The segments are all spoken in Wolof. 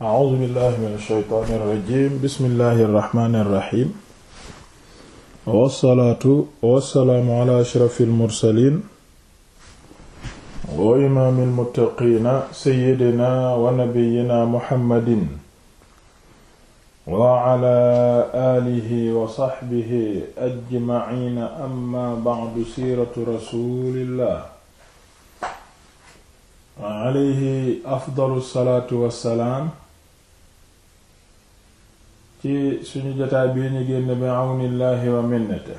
a'uuzu billahi min ash-shaytaani irrajim bismillahi irrahmani irrahim wassalaatu wassalaamu ala ashrafi almursalin wa imaami almuttaqiina seyidina wa nabiyina muhammadin wa ala aalihi wa saxbihi ajmaciina amma bacdu siiratu rasuulillah alayhi afdalu salaatu wassalaam ci suñu jotaay bii ñu génn bi àwnillaahi wa minnate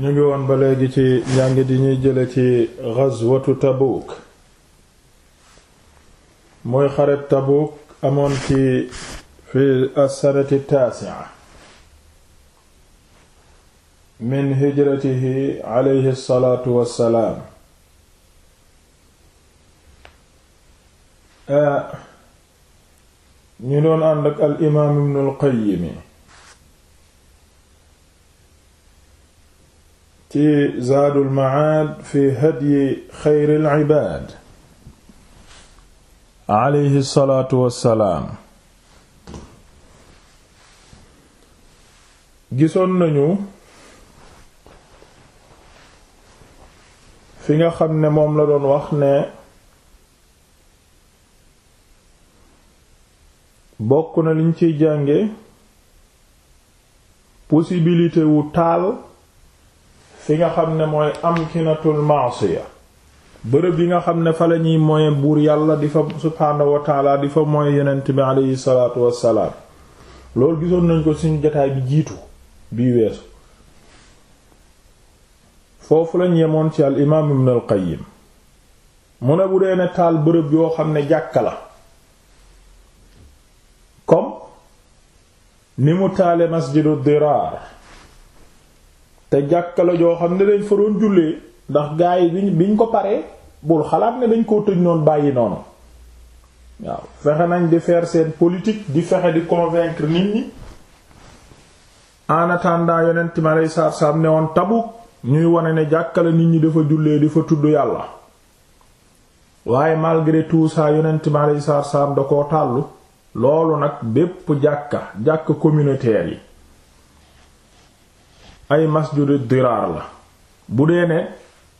ñu ngi woon ba léegi ci njàng di ñuy jële ci ghazwatu Tabuk mooy xaret Tabuk amoon ci fi as-sanati taasi'a min hijratihi alayhi salaatu wassalaam ah. ñu doon ànd ak al imaam ibn al qayyim ci zaadul macaad fi hadyi xayril cibaad alayhi salaatu gisoon nañu fi nga xam ne moom la doon wax ne bokk na li liñ ciy jànge possibilité wu taal fi nga xam ne mooy amkinatul ma'siya bërëb yi nga xam ne fa la ñuy moye buur yàlla di fa subhaanahu wa taala di fa moye yonent bi aleyhi wassalaam loolu gisoon nañ ko suñu jotaay bi jiitu bii weesu foofu lañ yemoon ci al imaam ibn al qayyim bu dee ne taal bërëb yoo xam ne jàkka la comme ni mu taale masjidu diraar te jàkka joo xam ne dañ fa doon jullee ndax gaa yi biñ ko paree bul xalaat ne dañ koo tëj noonu bàyyi noonu waaw fexe nañ di faire seen politique di fexe di convaincre nit ñi en attendant yonent mi aleyhi ne woon Tabuk ñuy wone ne jàkkale nit ñi dafa jullee di fa tudd yàlla waaye malgré tout ça yonent mi aleyhi salaatu salaam da koo tàllu loolu nag bépp jàkka jàkk communautaire yi ay masjidu diraar la bu dee ne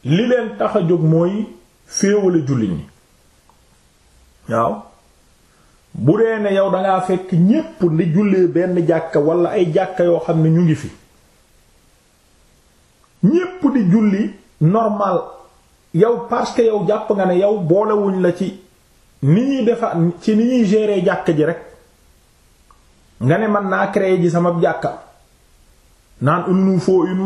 li leen tax a jóg mooy féewale jullit ñi waaw bu dee ne yow dangaa fekk ñépp li jullee benn jàkka wala ay jàkka yoo xam ne ñu ngi fi ñépp di julli normal yow parce que yow jàpp nga ne yow boolewuñ la ci ni ñuy defa ci ni ñuy gérer jàkk ji rek nga ne man naa créer ji sama jàkka naan il nous faut une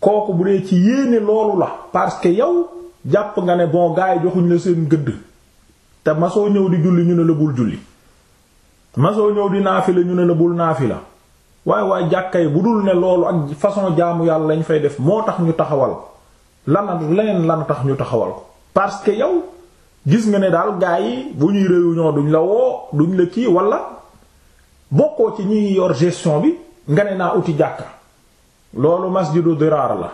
kooku bu dee ci yéene loolu la parce que yow jàpp nga ne bon gars yi joxuñ la seen gëdd te masoo ñëw di julli ñu ne la bul julli masoo ñëw di la ñu ne la bul naafila waaye waaye jàkka yi bu dul ne loolu ak façon jaamu yàlla lañ fay def moo tax ñu taxawal lan leneen lan tax ñu taxawal ko parce que yow gis nga ne daal gaa yi bu ñuy réunion duñ la woo duñ la kii walla bokkoo ci ñi yor gestion bi nga ne naa uti jàkka loolu masjidu diraar la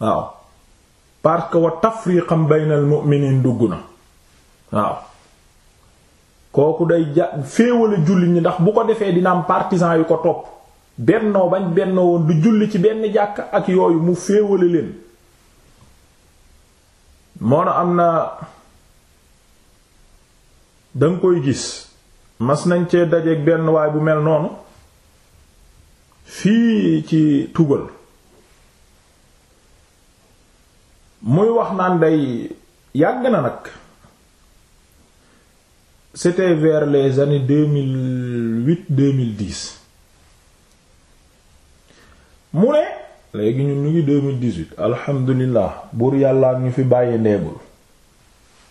waaw parce que wa tafriqan baynal mu'minin dugg na waaw kooku day ja féewale julli ñi ndax bu ko defee dina am partisan yu ko topp bennoo bañ bennoo woon du julli ci benn jàkka ak yooyu mu féewale leen moo na am na danga koy gis mas nañ cee dajeeg benn waay bu mel noonu fii ci tugal muy wax naan day yàgg na nag c'était vers les années deux mille huit deux mille dix mu ne léegi ñun ñu ngi deux mille dix huit alhamdulilah buur yàlla ñu fi bàyyi ndeebul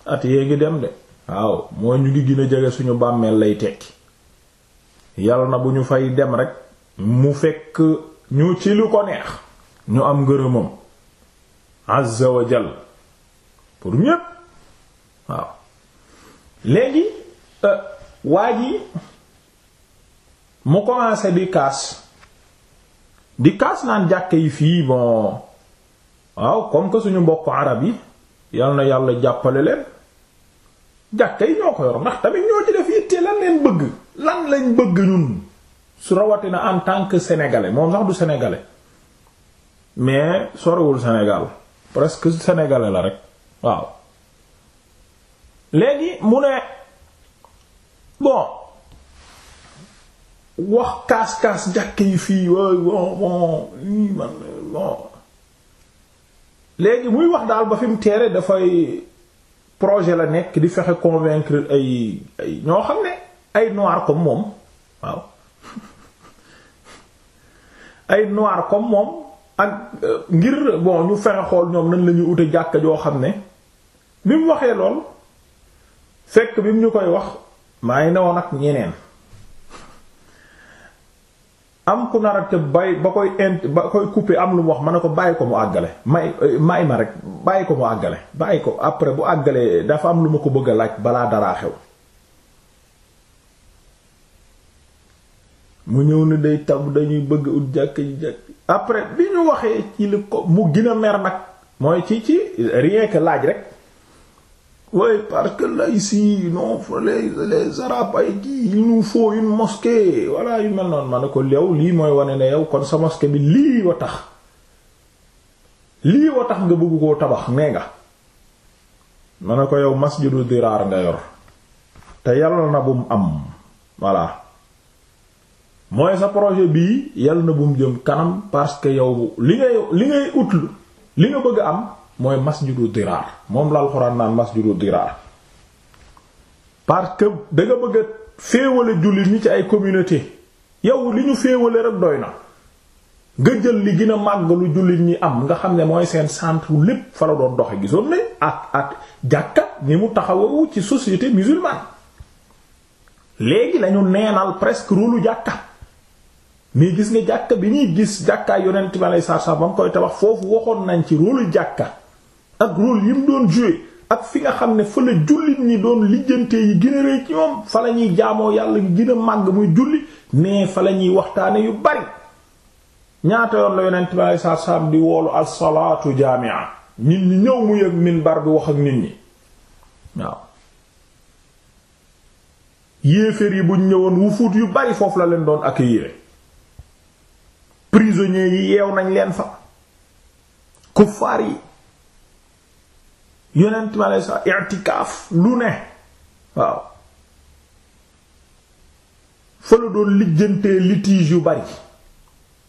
at yee ngi dem de waaw moo ñu ngi gën a jege suñu bàmmeel lay tekki yàlla na bu ñu fay dem rek mu fekk ñu ci lu ko neex ñu am ngërëmam azza wa jal pour ñépp léegi euh, waa ji mu commencé di kaas di kaas naan jàkke yi fii bon waaw comme que suñu mbokk arab yi yàlla na yàlla jàppale leen jàkka yi ñoo ko yor ndax tamit ñoo ci def yitte lan leen bëgg lan lañ bëgg ñun su rawatina en tant que sénégalais moom sax du sénégalais mais sorewul senegal presque sénégalais la rek waaw léegi mu ne bon wax kaas-kaas jàkka yi fii léegi muy wax daal ba fi mu teere dafay projet la nekk di fexe convaincre ay ay ñoo xam ne ay noir comme moom waaw ay noir comme moom ak euh, ngir bon ñu fexe xool ñoom nañ la ñuy ute jàkka joo xam ne bi waxee lool fekk bi mu ñu koy wax maa ngi newoon ak ñeneen. am ku nar a tëb bay ba koy int ba koy couper am lu mu wax ma ne ko bàyyi ko mu àggale may eh, may ma rek bàyyi ko mu àggale bàyyi ko après bu àggalee dafa am lu ma ko bëgg a laaj balaa daraa xew mu ñëw ni day tab dañuy bëgg ut jàkk jàkk après bi ñu waxee ci li ko mu gën mer nag mooy ci ci rien que laaj rek oui parce que là ici non les les arabes ay kii il nous faut une yu mel noonu ma ne ko lew lii mooy wane ne yow kon sa mosquée bi lii wa tax lii wa tax nga bëgg koo tabax nee nga ma ne ko yow masjidu diraar nga yor te yàlla na bum am voilà mooy sa projet bii yàlla na bum jëm kanam parce que yow li ngay li ngay ut li nga bëgg am mooy masjidu diraar moom la alxuraan naan masjidu diraar parce que da nga bëgg a féewale jullit ñi ci ay communauté yow li ñu féewale rek doy na nga jël li gën a màgg lu jullit ñi am nga xam ne mooy seen centre lépp fa la doon doxe gisoon ne ak ak jàkka ni mu taxawu ci société musulmane léegi lañu neenal presque rôlu jàkka mais gis nga jàkka bi ñuy gis jàkkaay yonent bi alayhi salaatu wa ba mu koy tabax foofu waxoon nañ ci rôlu jàkka ak rôle yi mu doon joué ak fi nga xam ne fa la jullit ñi doon lijjante yi gën a ci ñoom fa la ñuy jaamoo yàlla gi gën a màgg muy julli mais fa la ñuy waxtaane yu bari ñaata yoon la yonent bi alei di woolu as-salaatu jaami'a nit ñi ñëw mu yëg minbar bi wax ak nit ñi waaw yi buñ ñëwoon wufuut yu bari foofu la leen doon accueillir prisonniers yi yeew nañ leen fa kuffaar yi yonent bi aleyhi salaam i'tikaaf lu ne waaw fa la doon lijjantee litige yu bari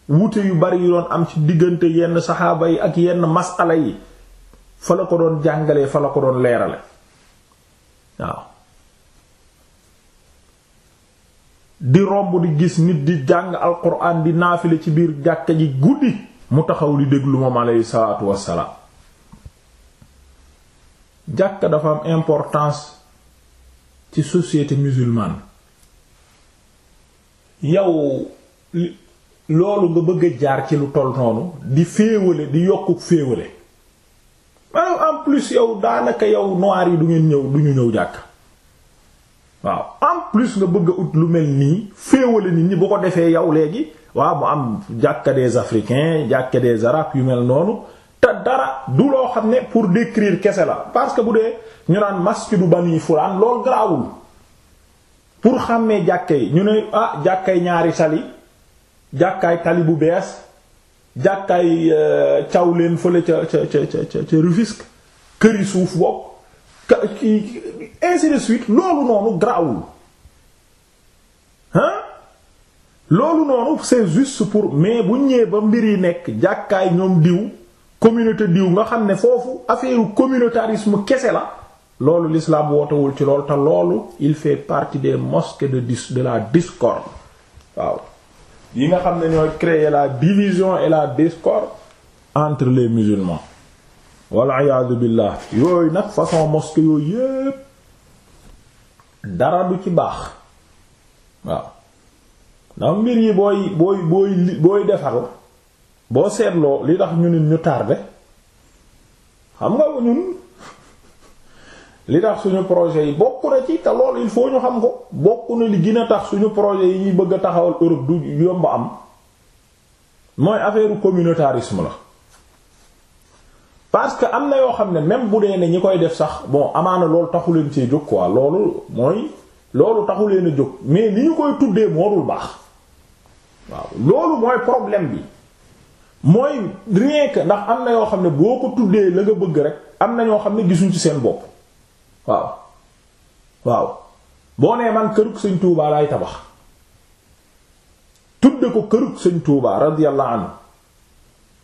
wuute yu bari yu doon am ci diggante yenn saxaaba yi ak yenn masala yi fa la ko doon jàngalee fa la ko doon leerale waaw di romb di gis nit di jàng alquran di naafile ci biir jàkka ji guddi mu taxaw li déglu moom aleyhi salaatu wassalaam jàkka dafa am importance ci société musulmane yow loolu nga bëgg jaar ci lu toll noonu di féewale di yokku féewale waaw en plus yow daanaka yow noir yi du ngeen ñëw du ñu ñëw jàkk waaw en plus nga bëgg ut lu mel nii féewale nit ñi bu ko defee yow léegi waaw mu am jàkka des africains jàkka des yu mel noonu te dara du loo xam ne pour décrire kese la parce que bu dee ñu naan masjidu bani fulaan loolu garaawul pour xàmmee jàkka yi ñu ne ah jàkkaay ñaari sali jàkkaay tali bu bees jàkkaay euh, caw leen fële ca ca ca suuf bopp ka ainsi de suite loolu noonu noonu c'est pour mais bu ñëwee ba mbir yi nekk jàkkaay ñoom diw communauté diw nga xam ne foofu affaire communautarisme kese la loolu lislaam wootewul ci loolu te loolu il fait partie des mosquées de dis de la discorde waaw yi nga xam ne ñooy créer la division et la discorde entre les musulmans walla iyaadu billah yooyu nag façon mosquée yooyu yépp dara du ci baax waaw ndax mbir yi booy booy booy booy defar boo seetloo li tax ñu nit ñu tardé xam nga ñun li tax suñu projet yi bokk na ci te loolu il faut ñu xam ko bokk na li gën a tax suñu projet yi bëgg a taxawal Europe du yomb am mooy affaire communautarisme la parce que am na yoo xam ne même bu dee ne ñi koy def sax moo amaana loolu taxu leen cee jóg quoi loolu mooy loolu taxu leen a jóg mais ni ñu koy tuddee moo dul baax waaw loolu mooy problème bi mooy rien que ndax am na yoo xam ne boo ko tuddee la nga bëgg rek am na ñoo xam ne gisuñ ci seen bopp waaw waaw boo nee man kërug sëñ Touba laay tabax tudde ko kërug sëñ Touba radiyallahu anhu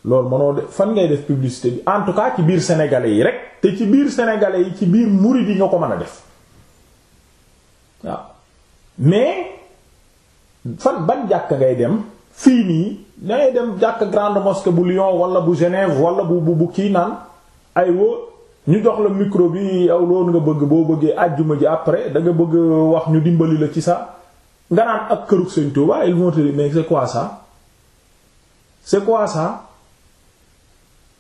loolu mënoo de fan ngay def publicité bi en tout cas ci biir sénégalais yi rek te ci biir sénégalais yi ci biir murid yi nga ko mën a def waaw mais fan ban jàkk ngay dem. fii nii dangay dem jàkk grande mosquée bu Lyon wala bu Genève wala bu bu bu kii naan ay wo ñu jox la micro bi yow loolu nga bëgg boo bëggee àjjuma ji après danga bëgg wax ñu dimbali la ci sax nga naan ak kërug Sëriñ Tuubaa ils vont te dire mais c'est quoi ça c'est quoi ça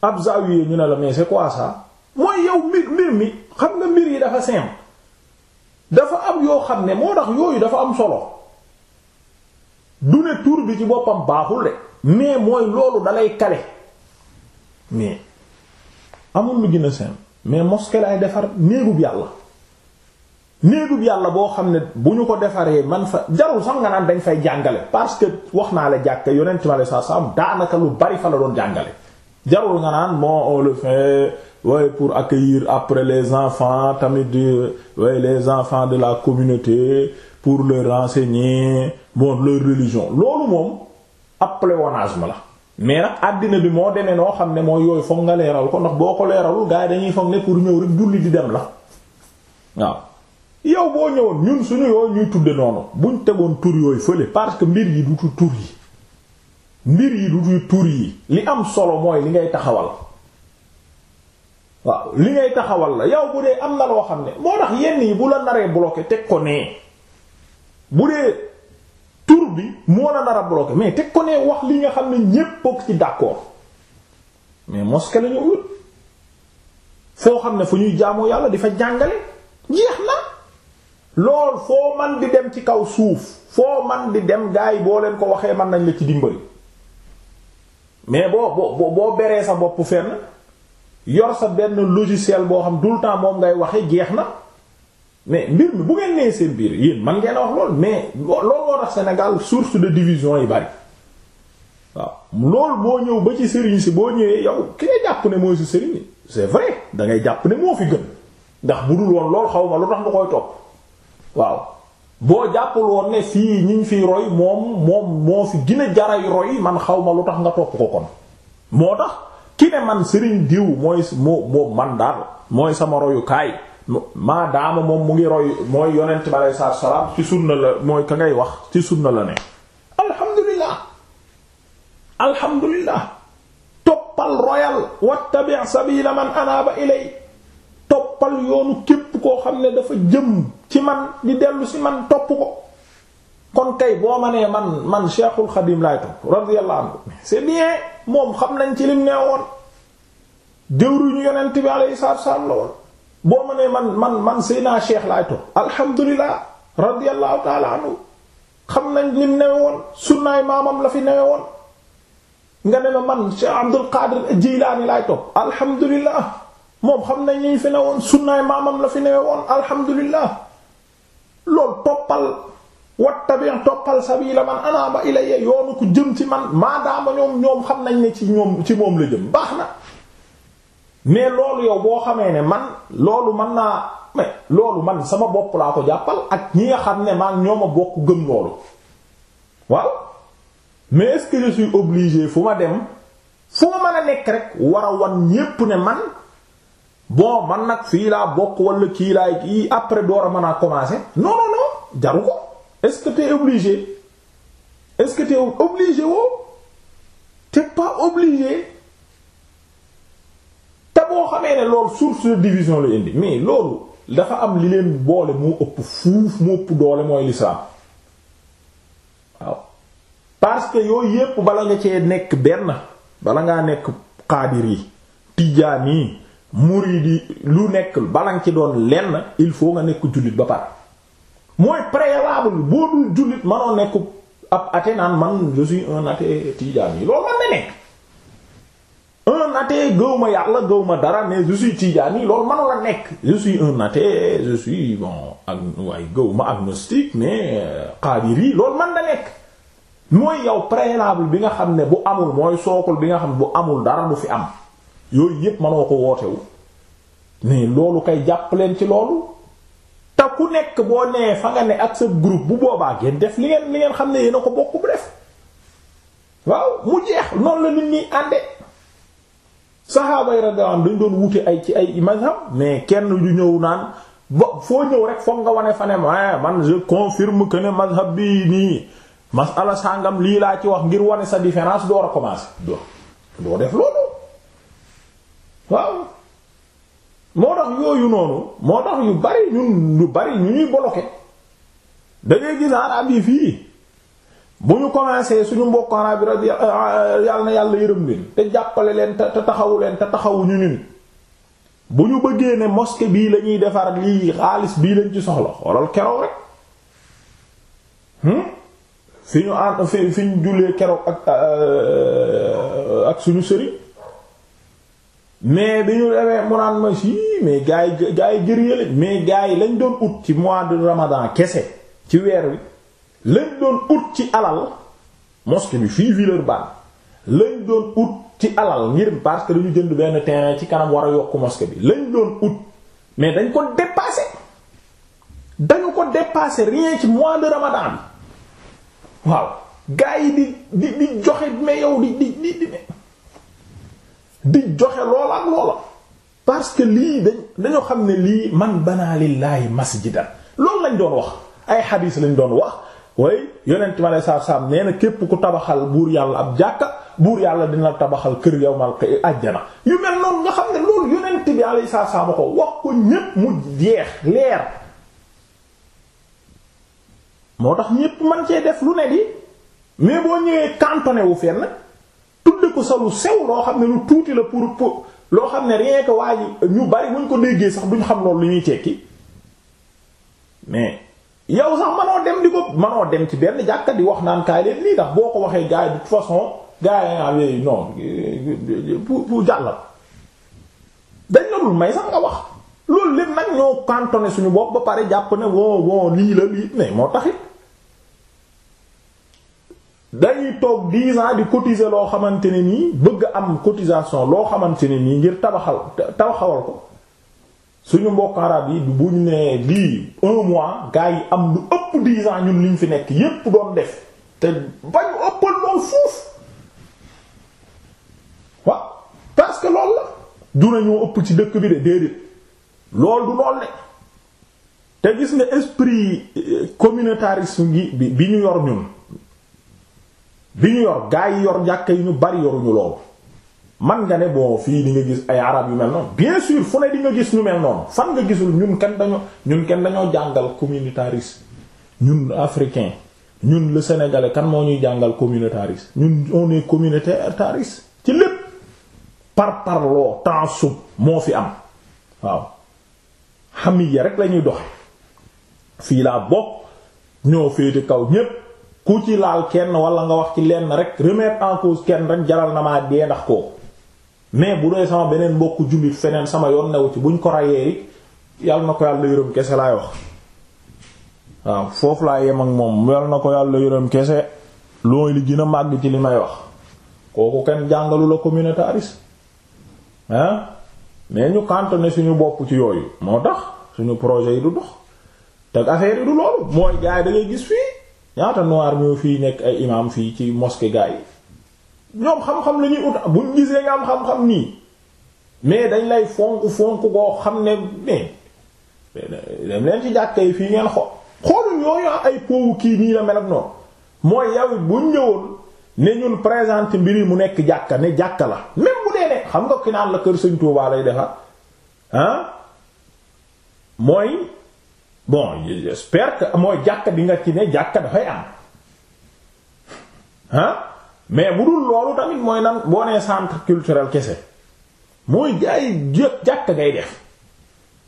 ab zawiya ñu ne la mais c'est quoi ça mooy yow mbir mbir mi xam nga mbir yi dafa simple dafa am yoo xam ne moo tax yooyu dafa am solo du ne tur bi ci boppam baaxul de mais mooy loolu dalay kale mais amul lu gën a simple mais mosquée lay defar néegub yàlla néegub yàlla boo xam ne bu ñu ko defaree man fa jarul sax nga naan dañ fay jàngale parce que wax naa la jàkka yonent ma la saa saam daanaka lu bari fa la doon jàngale jarul nga naan bon on le fait waaye pour accueillir après les enfants tamit waaye euh, les enfants de la communauté pour leur enseigner bon leur religion loolu moom ab pléonasme la mais nag àddina bi moo demee noo xam ne moo yooyu foog nga leeral ko ndax boo ko leeralul gars yi dañuy foog ne pour ñëw rek julli di dem la waaw yow boo ñëwoon ñun suñu yooyu ñuy tudde noonu buñ tegoon tur yooyu fële parce que mbir yi du tu tur yi mbir yi du tur yi li am solo mooy li ngay taxawal waaw li ngay taxawal la yow bu dee am na loo xam ne moo tax yenn yi bu la naree bloqué teg ko nee bu dee tur bi moo la nar a bloqué mais teg ko ne wax li nga xam ne ñépp bokk ci d'accord mais mosquée la ñu foo xam ne fu ñuy jaamoo yàlla di fa jàngale jeex na lool foo man di dem ci kaw suuf foo man di dem gars yi boo leen ko waxee mën nañ la ci dimbali mais boo boo boo beree sa bopp fenn yor sa benn logiciel boo xam tout le temps moom ngay waxee jeex na. mais mbir mi bu ngeen nee seen biir yéen man ngeen wax lool mais loolu moo tax Sénégal source de division yi bari waaw lool boo ñëw ba ci sëriñ si boo ñëwee yow ki ne da ngay jàpp ne moo fi gën ndax bu woon lool xaw ma lu tax nga koy topp waaw boo jàppul woon ne fii ñi ñu fiy roy moom moom moo fi gën a jaray roy man xaw ma lu tax nga topp ko kon moo tax ki ne man sëriñ diw mooy moo moo man daal mooy sama royukaay. maadaama moom mu ngi roy mooy yonent bi aleyhi salaam ci sunna la mooy ka ngay wax ci sunna la ne alhamdulillah alhamdulillah toppal royal wattabi' sabila man anaaba ilay toppal yoonu képp koo xam ne dafa jëm ci man di dellu si man topp ko kon kay boo ma nee man man Cheikhul Khadim laay topp radiyallahu anhu c'est bien moom xam nañ ci lim nee woon jëwruñu yonent bi aleyhi salaatu wa salaam la woon boo manee man man man Seydina Cheikh laay toog taala anhu xam nañ li mu newe woon sunnaay maamam la fi newe woon nga ne ma man Cheikh Abdul Qadir Jilaani laay toog moom xam nañ li ñu fi ne woon sunnaay maamam la fi newe woon alhamdulilah loolu toppal wattabi toppal sabila man anaaba ilayya yoonu ku jëm ci man maadaama ñoom ñoom xam nañ ne ci ñoom ci moom la jëm baax na. mais loolu yow boo xamee ne man loolu man naa mais loolu man sama bopp laa ko jàppal ak ñi nga xam ne man ñoo ma bokk gëm loolu waaw mais est-ce que je suis obligé fu ma dem fu ma mën a nekk rek war a wan ñépp ne man bon man nag fii laa bokk wala kii laa kii après door a mën a commencer non non non jaru ko est-ce que t'es obligé est-ce que t'es obligé woo t'es pas obligé. te boo xamee ne loolu source division la indi mais loolu dafa am li leen boole moo ëpp fuuf moo ëpp doole mooy lislaam waaw parce que yooyu yépp bala nga cee nekk benn bala ngaa nekk xaadir yi tijaan yi murid lu nekk bala nga ci doon lenn il faut nga nekk jullit ba pare mooy préalable boo dul jullit manoo nekk ab athée naan man je un athée tijaan loolu man na nekk athée gëwma yàlla gëwma dara mais je suis tijaani loolu manu la nekk je un athée je suis bon ak waaye gëwma agnostique mais euh, qadiri loolu man la nekk mooy yow préalable bi nga xam ne bu amul mooy sookul bi nga xam bu amul dara du fi am yooyu yépp manoo ko wootewu nii loolu kay jàpp leen ci loolu te ku nekk boo nee fa nga ne ak sa groupe bu boobaa ngeen def li ngeen li ngeen xam ne yéena ko bokk bu def waaw mu jeex noonu la nit ñi ànde saxaaba yi radiyallahu dañ doon wute ay ci ay mazhab mais kenn du ñëw naan bo foo ñëw rek foog nga wane fa ne man je confirme que ne mazhab bi nii masala sàngam lii laa ci wax ngir wane sa différence doo recommencer doo doo def loolu waaw moo tax yooyu noonu moo tax yu bari ñun yu bari ñu ñuy bloqué da ngay gis arab yi fii bu ñu commencé suñu mbokk araab bi eh, eh, yàlla na yàlla yërëm leen te jàppale leen te taxawu leen te taxawu ñu ñun bu ñu bëggee ne moske bii la ñuy defar lii xaalis bii lañ ci soxla xoolal keroog rek hmm? fi ñu ànd fi fi ñu jullee keroog eh, ak suñu sëriñ mais bi ñu demee mu naan ma si mais gaa yi gaa yi jër mais gaa yi lañ doon ut ci mois de ramadan kese ci weer wi lañ doon ut ci alal mosquée bi fii Villeurbanne lañ doon ut ci alal ngir parce que dañu jënd benn terrain ci kanam war a yokk mosquée bi lañ doon ut mais dañ ko dépassé dañu ko dépassé rien ci mois de ramadan bi waaw gars yi di di di joxe mais yow di di di di di joxe loola ak loola parce que lii dañ dañoo xam ne lii man banaa lillaahi masjidan loolu lañ doon wax ay xadiis lañ doon wax way yonent ma ne saab saab nee na képp ku tabaxal buur yàlla ab jàkka buur yàlla dina tabaxal kër yawmal qiyaama àjjana yu mel noonu nga xam ne loolu yonent bi alayhi salaam ko wax ko ñépp mu jeex leer moo tax ñépp man cee def lu ne di mais boo ñëwee cantonné wu fenn tudde ko sa lu sew loo xam ne lu tuuti la pour pour loo xam ne rien que waa ñu bari buñ ko déggee sax duñ xam loolu lu ñuy tekki mais yow sax manoo dem di ko manoo dem ci benn jàkka di wax naan kaay leen lii ndax boo ko waxee gars yi de toute façon gars yi eh, non pour eh, eh, pour jàllal dañ la may sax nga wax loolu lépp nag ñoo cantonné suñu bopp ba pare jàpp ne bon lii la lii ne moo taxit dañuy toog 10 di cotiser loo xamante ne nii bëgg am cotisation loo xamante ne nii ngir tabaxal tabaxawal ko. suñu mbokk arab yi bu ñu nee lii un mois gars yi am lu ëpp dix ans ñun liñ fi nekk yépp doon def te bañu ëppal moom fuuf waaw parce que loolu la du nañoo ëpp ci dëkk bi de déedéet loolu du lool ne te gis nga esprit euh, communautarisme gi bi bi ñu yor ñun bi ñu yor gaa yi yor jàkka yi ñu bari yoruñu loolu man nga ne boo fii di nga gis ay arab yu mel noonu bien sûr fu ne di nga gis ñu mel noonu fan nga gisul ñun kenn dañoo ñun kenn dañoo jàngal communautariste ñun africain ñun le sénégalais kan moo ñuy jàngal communautariste ñun on est communautariste ci lépp par parloo taasub moo fi am waaw xamiya rek lañuy dox fii laa bokk ñoo féete kaw ñépp ku ci laal kenn wala nga wax ci lenn rek remettre en cause kenn rek jaral na maa dee ndax kooku mais bu dee sama beneen mbokku jullit feneen sama yoon newu ci buñ ko rayee yàlla na ko yàlla yërëm kese laay wax waaw foofu laa yem ak moom yàlla na ko yàlla yërëm kese looy li gën màgg ci li may wax kooku kenn jàngalu la communautariste hein mais ñu cantonné suñu bopp ci yooyu moo tax suñu projet yi du dox te affaire yi du loolu mooy gaay da gis fii ñaata noir ñoo fii nekk ay imam fii ci mosquée gaay yi ñoom xam-xam la ñuy ut buñ gisee nga am xam-xam nii mais dañ lay fonk fonk koo xam ne mais dem leen ci jàkka yi fii ngeen xool xooluñ yooyu ah ay poowu kii nii la mel ak noonu mooy yow buñ ñëwoon ne ñun présente mbir mu nekk jàkka ne jàkka la même bu dee ne xam nga ki naan la kër Sëñ Tuubaa lay defar ah mooy bon j'espère que mooy jàkka bi nga ci ne jàkka dafay am ah. mais bu dul loolu tamit mooy nan boo nee centre culturel kese mooy gaa yi jàkka ngay def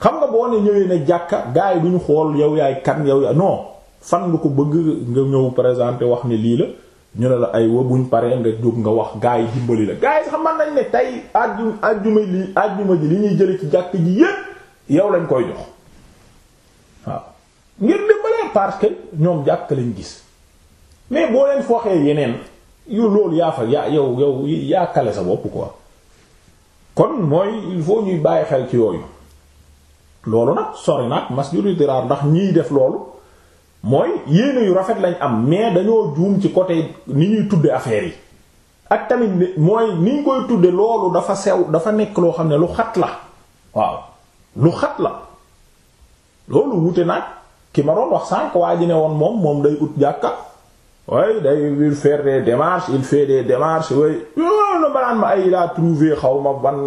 xam nga boo ne ñëwee ne jàkka gaa yi duñu xool yow yaay kan yow yaay non fan nga ko bëgg nga ñëw présenter wax ne lii la ñu ne la ay wa buñ paree nga jóg nga wax gaa yi dimbali la gaa sax mën nañ ne tey àjjuma àjjuma li àjjuma ji li ñuy jële ci jàkk ji yépp yow lañ koy jox waaw ngir dimbalee parce que ñoom jàkk lañ gis mais boo leen foxee yeneen yow loolu yaa fa yaa yow yow yaa kale sa bopp quoi kon mooy il faut ñuy bàyyi xel ci yooyu loolu nag sori nag masjidu diraar ndax ñiy def loolu mooy yéene yu rafet lañ am mais dañoo juum ci côté ni ñuy tudde affaire yi ak tamit mooy ni ñu koy tudde loolu dafa sew dafa nekk loo xam ne lu xat la waaw lu xat la loolu wute nag ki ma doon wax sànq waa ji ne woon moom moom day ut jàkka oui day il faire des démarches il fait na banaan ma ay laa trouvé xaw ma ban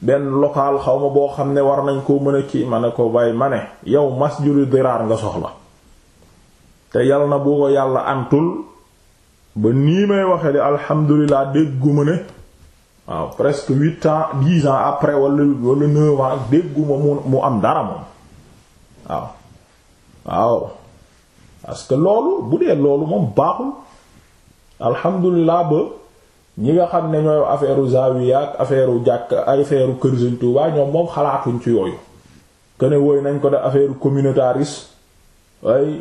benn local xaw ma boo xam ne war nañ koo mën a kii ma ne ko bay ma ne yow masjidu diraar nga soxla te yal na bu ko yàlla antul ba nii may waxe di alhamdulilah dégguma ne waaw presque huit ans dix ans après wala wala neuf dégguma mu am dara moom waaw waaw parce que loolu bu dee loolu moom baaxul alhamdulilah ba ñi nga xam ne ñooy affaire zawiya ak affaire jàkk affaire kër Sëriñ Tuubaa ñoom moom xalaatuñ ci yooyu que woy nañ ko def affaire communautariste ay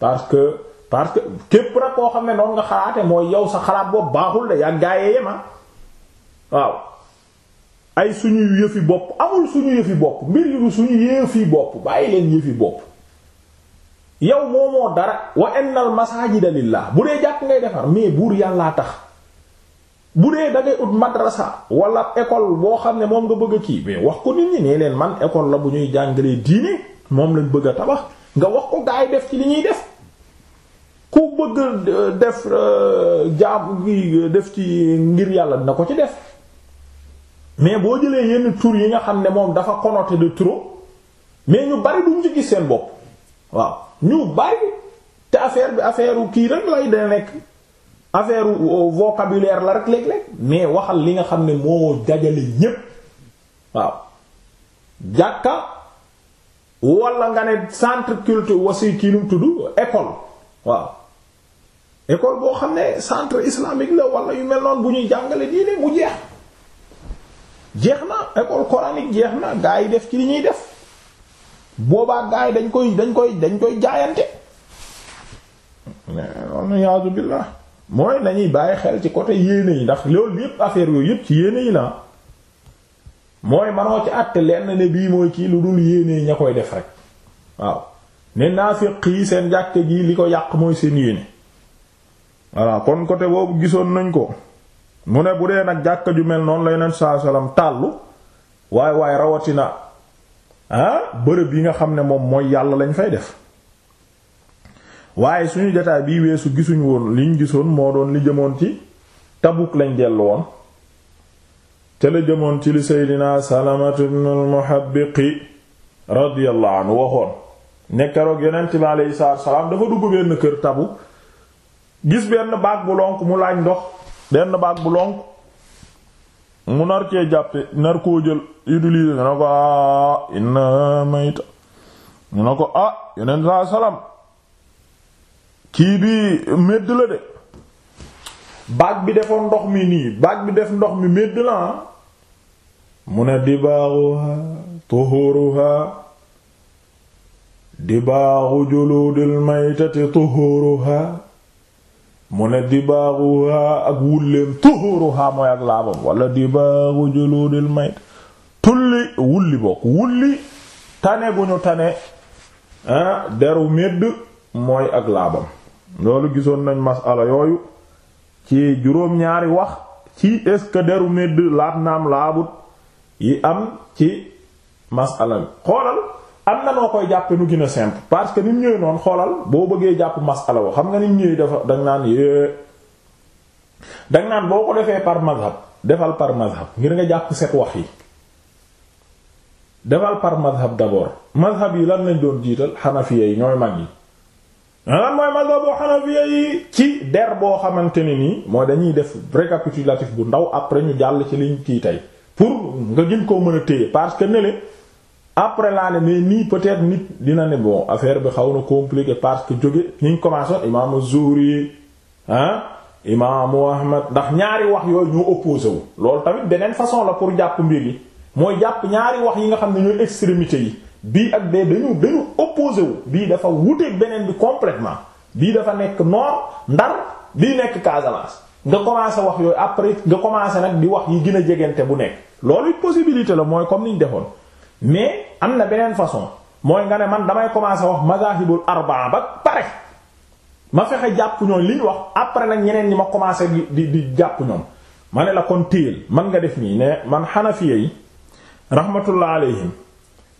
parce que parce que képp rek koo xam ne noonu nga xalaate mooy yow sa xalaat bopp baaxul de yaa gaayee ah. waaw ay suñu yëfi bopp amul suñu yëfi bopp mbir yi du suñu yëfi bopp bàyyi leen yëfi bopp. yow moomoo dara wa innal masajida la bu dee jàkk ngay defar mais buur yàllaa tax bu dee da ngay ut madrasa wala école boo xam ne moom nga bëgg a kii mais wax ko nit ñi nee leen man école la bu ñuy jàngalee diine moom lañ bëgg a tabax nga wax ko gaay def ci li ñuy def ku bëgg euh, def euh, jaab euh, def ci ngir yàlla dina ko ci def mais boo jëlee yenn tur yi nga xam ne moom dafa connoté de trop mais ñu bari duñ ci gis seen bopp waaw ñu bari te affaire bi affaire kii rek lay dana nekk affaire euh, vocabulaire la rek léeg-léeg mais waxal li nga xam ne moo dajale ñépp waaw jàkka wala nga ne centre culture wasi kii nu tudd école waaw école boo xam ne centre islamique la wala yu mel noonu bu ñuy jàngale diine mu jeex jeex na école coranique jeex na gaa yi def ci li ñuy def boobaa gaa yi dañ koy dañ koy dañ koy jaayante iyaazu billah mooy nañuy bàyyi xel ci côté yéene yi ndax loolu yépp affaire yooyu yépp ci yéene yi la mooy manoo ci àtte lenn ne bii mooy kii lu dul yéene ña koy def rek waaw ne naafiq yi seen jàkke ji li ko yàq mooy seen yéene voilà kon côté boobu gisoon nañ ko mu ne bu dee nag jàkka ju mel noonu lay yonent saa salaam tàllu waaye waaye rawatina ah bërëb yi nga xam ne moom mooy yàlla lañ fay def waaye suñu jotaay bii weesu gisuñu woon liñ gisoon moo doon li jëmoon ci Tabuk lañ dellu woon te la jëmoon ci li Seydina Salamatu ibnul Muhabbiqi radiyallahu anhu waxoon ne keroog yonent bi alayhi salaatu salaam dafa dugg benn kër Tabuk gis benn baag bu lonk mu laaj ndox benn baag bu lonk mu nar cee jàppe nar koo jël utiliser ñu ne ko ah inna mayta ñu ne ko ah yeneen salaam kii bi medd la de baag bi defoon ndox mi nii baag bi def ndox mi medd la ah. mu ne dibaaruha tuhuruha dibaaru juludil maytati tuhuruha mu ne dibaaruha ak wulleem tuhuruha mooy ak laabam wala dibaaru juluudil mayt tulli wulli bokk wulli tane gu ñu tane ah, deru médd mooy ak laabam loolu gisoon nañ masala yooyu ci juróom-ñaari wax ci est-ce que deru médd laab naam laabut yi am ci masala mi xoolal am na noo koy jàppe nu gën a parce que ni mu ñëwee noonu xoolal boo bëggee jàpp masala wo xam nga ni mu ñëwee dafa danga naan yée danga naan boo ko defee par mazhab defal par mazhab ngir nga jàpp set wax yi defal par mazhab d'abord mazhab yi lan lañ doon jiital xanafiya yi ñooy mag yi lan mooy mazhabu xanafiya yi ci der boo xamante ne nii mooy dañuy def récapitulatif bu ndaw après ñu jàll ci liñ kii tey pour nga gën koo mën a téye parce que nele après laa ne mais nii peut nit dina ne boo affaire bi xaw na compliqué parce que jóge ñu commencé woon imaamu Zuhri ah imaamu Ahmad ndax ñaari wax yooyu ñoo opposé wu loolu tamit beneen façon la pour jàpp mbir yi mooy jàpp ñaari wax yi nga xam ne ñooy extrémité yi bii ak bee dañu dañu opposé bii dafa wuteeg beneen bi complètement bii dafa nekk nord ndar bii nekk Casamance nga commencé wax yooyu après nga commencé nag di wax yi gën a jegante bu nekk loolu possibilité la mooy comme niñ defoon. mais am na beneen façon mooy nga ne man damay commencer wax mazahibul arbaa ba pare ma fexe jàpp ñoom li wax après nag ñeneen ñi ma commencer di di jàpp ñoom ma ne la kon téyel man nga def nii ne man xanafiya yi rahmatullah alayhim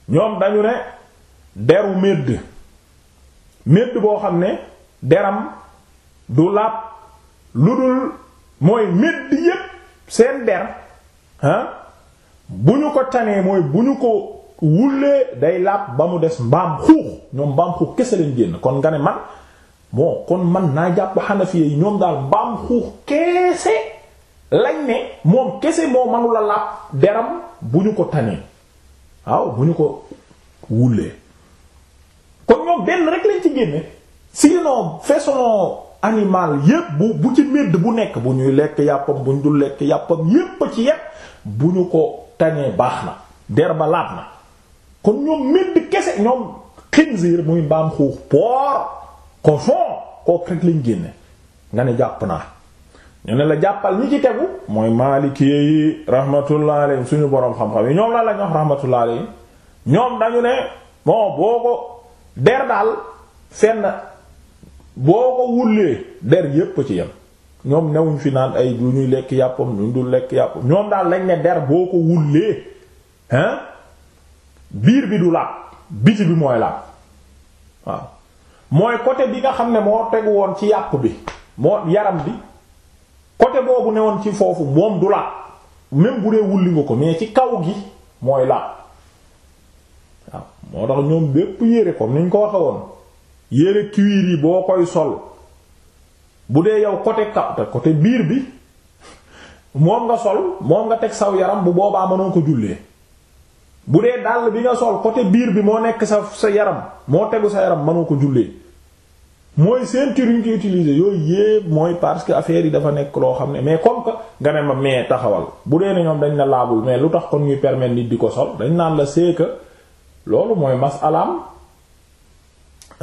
ñoom dañu ne deru médd médd boo xam ne deram du laab lu dul mooy médd yépp seen der ah, bu ñu ko tanee mooy bu ñu ko wullee day laab ba mu des mbaam xuux ñoom mbaam xuux kese lañ génn kon nga ne man bon kon man naa jàpp Hanafi yi ñoom daal mbaam xuux kese lañ ne moom kese moo la laab deram bu ñu ko tanee waaw bu ñu ko wullee kon ñoom benn rek lañ ci génne sinon façon animal yépp bu bu ci médd bu nekk bu ñuy lekk yàppam bu ñu dul lekk yàppam yépp ci yépp bu ñu ko tanee baax na der ba na kon ñoom medd kese ñoom xinziir muy mbaam xuux poor cochon kook rek lañ génne nga ne jàpp naa ñu ne la jàppal ñi ci tegu mooy maalikee yi rahmatullah alayhim suñu borom xam-xam yi ñoom la lañ wax rahmatullah alayhim ñoom dañu ne bon boo ko der daal fenn boo ko wullee der yépp ci yem ñoom newuñ fi naan ay du ñuy lekk yàppam duñ dul lekk yàppam ñoom daal lañ ne der boo ko wullee hein biir bi du laab biti bi mooy laab waaw mooy côté bi nga xam ne moo tegu woon ci yàpp bi moo yaram bi côté boobu ne woon ci foofu moom du laab même bu dee wulli nga ko mais ci kaw gi mooy laab waaw moo tax ñoom bépp yére ko ni ñu ko waxe woon yére cuir yi boo koy sol bu dee yow côté kaw te côté biir bi moom nga sol moom nga teg saw yaram bu boobaa mënoo ko jullee bu dee dàll bi nga sol côté biir bi moo nekk sa sa yaram moo tegu sa yaram nga ko jullee mooy ceinture yi ñu koy utiliser yooyu yépp mooy parce que affaire yi dafa nekk loo xam ne mais comme que ma mais taxawal bu dee ne ñoom dañ la laabul mais lu tax kon ñuy permettre nit di ko sol dañ naan la c'est que loolu mooy masalaam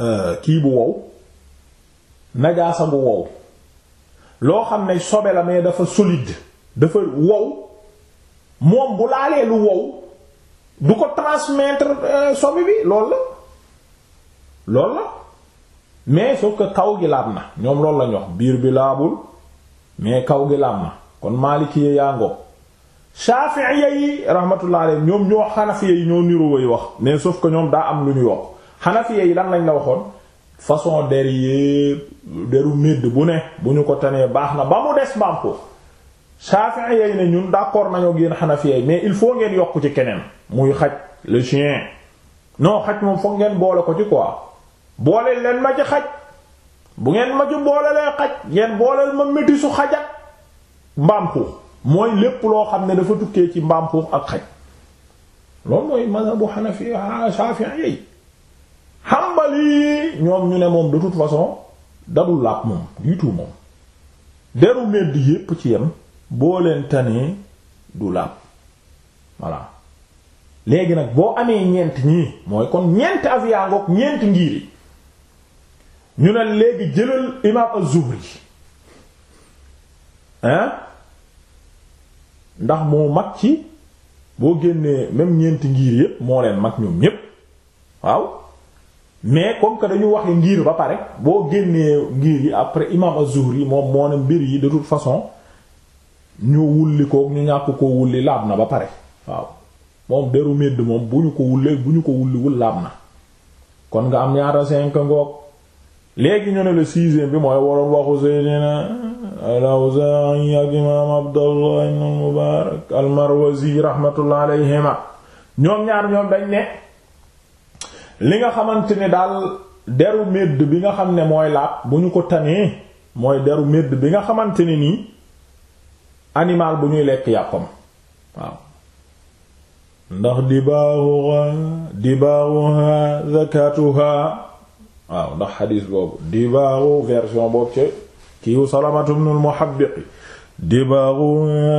euh, kii bu wow najaasa bu wow loo xam ne sobe la mais dafa solide dafa wow moom bu laalee lu wow. du ko transmettre euh, sobi bi lool la loolu la mais sauf que kaw gi na ñoom loolu lañ wax biir bi laabul mais kaw gi laab na kon maaliki ya yango shafi'iyya yi rahmatullah alayhi ñoom ñoo xanafiya yi ñoo nirowoy wax mais sauf que ñoom daa am lu ñu yokk xanafiya yi lan lañ la waxoon façon der yépp deru médd bu ne bu ñu ko tanee baax na ba mu des bampo Shafi'i yay ne ñun d'accord nañoo génn Hanafiya mais il faut ngeen yokk ci keneen muy xaj le chien non xaj moom foog ngeen boole ko ci quoi booleel leen ma ci xaj bu ngeen ma ci boolelee xaj ngeen booleel ma métisu xaj ak mbaam xuux mooy lépp loo xam ne dafa tukkee ci mbaam xuux ak xaj loolu mooy mazhabu Hanafiya Shafi'i yay Hanbali ñoom ñu ne moom de toute façon dadul laab moom du tout moom deru medd yépp ci yem boo leen tanee du laab voilà léegi nag boo amee ñeent ñii mooy kon ñeent avion ngoog ñeent ngir ñu ne léegi jëlal imaam az-Zuhri hein ndax moo mag ci boo génnee même ñeenti ngir yépp moo leen mag ñoom ñépp waaw mais comme que dañu waxe ngiir ba pare boo génnee ngir yi après imaam az yi moom moo ne mbir yi de toute façon. ñu wulli kook ñu ñàkk na ba pare waaw moom deru medd ko wullee bu am ñaata cinq ngoog bi mooy waroon waxu Seydina al-Awzaa'i ñoom ñaar ñoom dañ ne li nga xamante ne daal deru medd bi nga xam ne mooy laab bu ñu ko tanee mooy deru medd bi nga xamante ne nii animal bu ñuy lekk yàppam waaw ndax dibaaxuha dibaaxuha zakatuha waaw ndax xadiis boobu dibaaxu version boobu ci kiiwu salamatu ibnul muhabbiqi dibaaxuha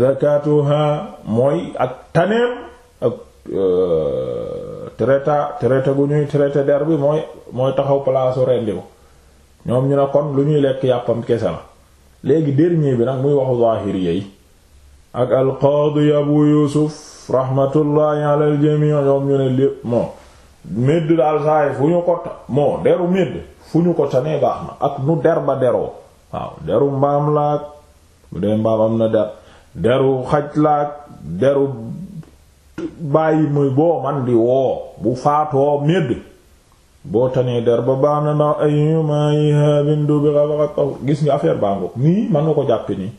zakatuha mooy ak taneem ak traita traita bu ñuy traité der bi mooy mooy taxaw palaasu rendi ko ñoom ñu ne kon lu ñuy lekk yàppam kese la léegi dernier bi nag muy waxu zaahiriya yi ak al qaadi abu yusuf rahmatullahi ala al jamii ñoom ñu ne lépp moo médd daal saay fu ñu ko moo deru médd fu ñu ko tanee baax na ak nu der ba deroo waaw deru mbaam laag bu dee mbaam am na der deru xaj laag deru bàyyi muy boo man di woo bu faatoo médd boo tanee der ba baax na ndax ayuma yihabin du bi xabaxataw gis nga affaire baa ngoog nii mën nga ko jàppe nii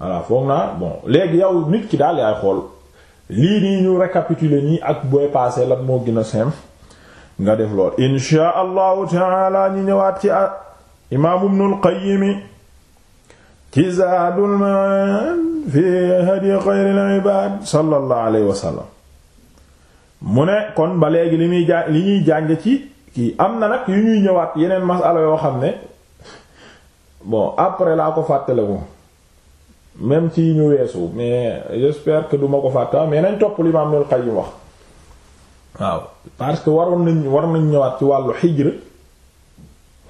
voilà foog naa bon léegi yow nit ki daal yaay xool lii nii ñu récapituler nii ak booy passé lan moo gën a simple nga def lool insha allahu taala ñi ñëwaat ci a imaamu ibnul qayyimi ci zaadul ma'aad fi hadi xayril ibaad sallallahu alayhi wa sallam mu ne kon ba léegi li muy jàng li ñuy jàng ci kii am na nag yu ñuy ñëwaat yeneen masala yoo xam ne bon après laa ko fàttale moom même ci ñu weesu mais j'espère que duma ko fàttali mais nañ topp li Imaam Ibnul Qayyim wax waaw parce que waroon nañ war nañ ñëwaat ci wàllu xijr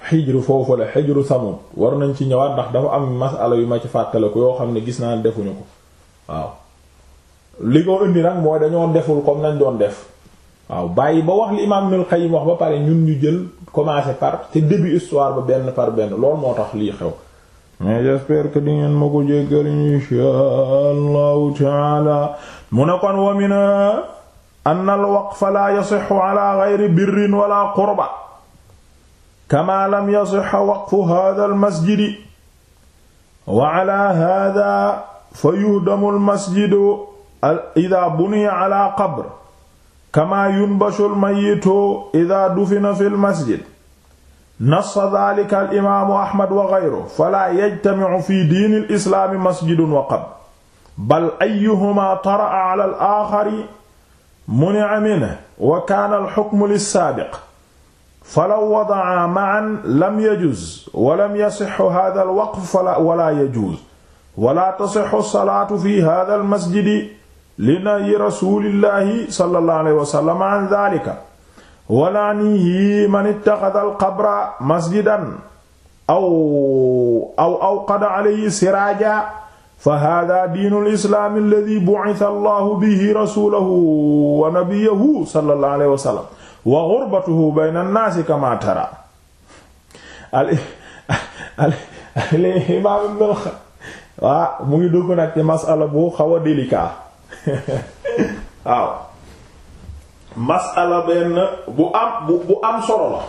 xijr foofu la xijru Samud war nañ ci ñëwaat ndax dafa am masala yu ma ci fàttale ko yoo xam ne gis naa defuñu ko waaw li ko indi nag mooy dañoo deful comme nañ doon def waaw bàyyi ba wax li imaam Ibnul Qayyim wax ba pare ñun ñu jël commencer par te début histoire ba benn par benn loolu moo tax lii xew mais j'espère que di ngeen ma ko jéggal insha allahu taala mu ne kon wa mina anna al waqfa la yasixu ala gayri birrin wala qurba kama lam yasixa waqfu hada al masjidi wa ala hada fa yuhdamu al masjidu ida buniya ala qabr kamaa yunbashul mayitu idaa dufina fil masjid nassa daalika al imaamu ahmad wa ghayruhu falaa yajtamicu fi diinil islaami masjidun wa qabr bal ayyuhumaa tara'a ala al aaxari munica minhu wa kaana al xukmu lissaabiq falaw wadacaa macan lam yajuz walam yasixu haadal waqf wala yajuz wala tasixu salaatu fi haadal masjidi li nahyi rasulillahi sallallahu alayhi wa sallam an dhalika wa la'anihi man ittaxada alqabra masjidan aw aw awqada alayhi siraaja fa hada diinu lislaam alladi bu'itha allahu bihi rasulahu wa nabiyahu sallallahu alayhi wa sallam wa gurbatuhu bayna annaasi kama tara mu ngi dugg nag ci masala bu xaw a délicat waaw masala benn bu am bu bu am solo la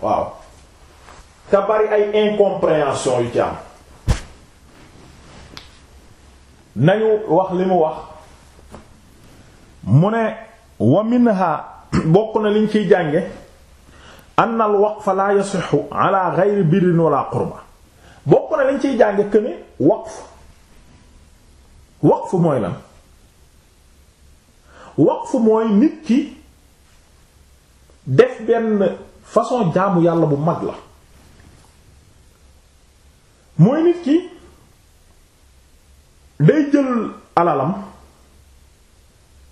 waaw te bari ay incompréhension yu ci am nañu wax li mu wax mu ne wa minha bokk na liñ ciy jànge anna al waqfa la yasixu ala ghayri birrin wala qurba bokk na liñ ciy jànge que ne waqf waqf mooy lan waqf mooy nit ki def benn façon jaamu yàlla bu mag la mooy nit ki day jël alalam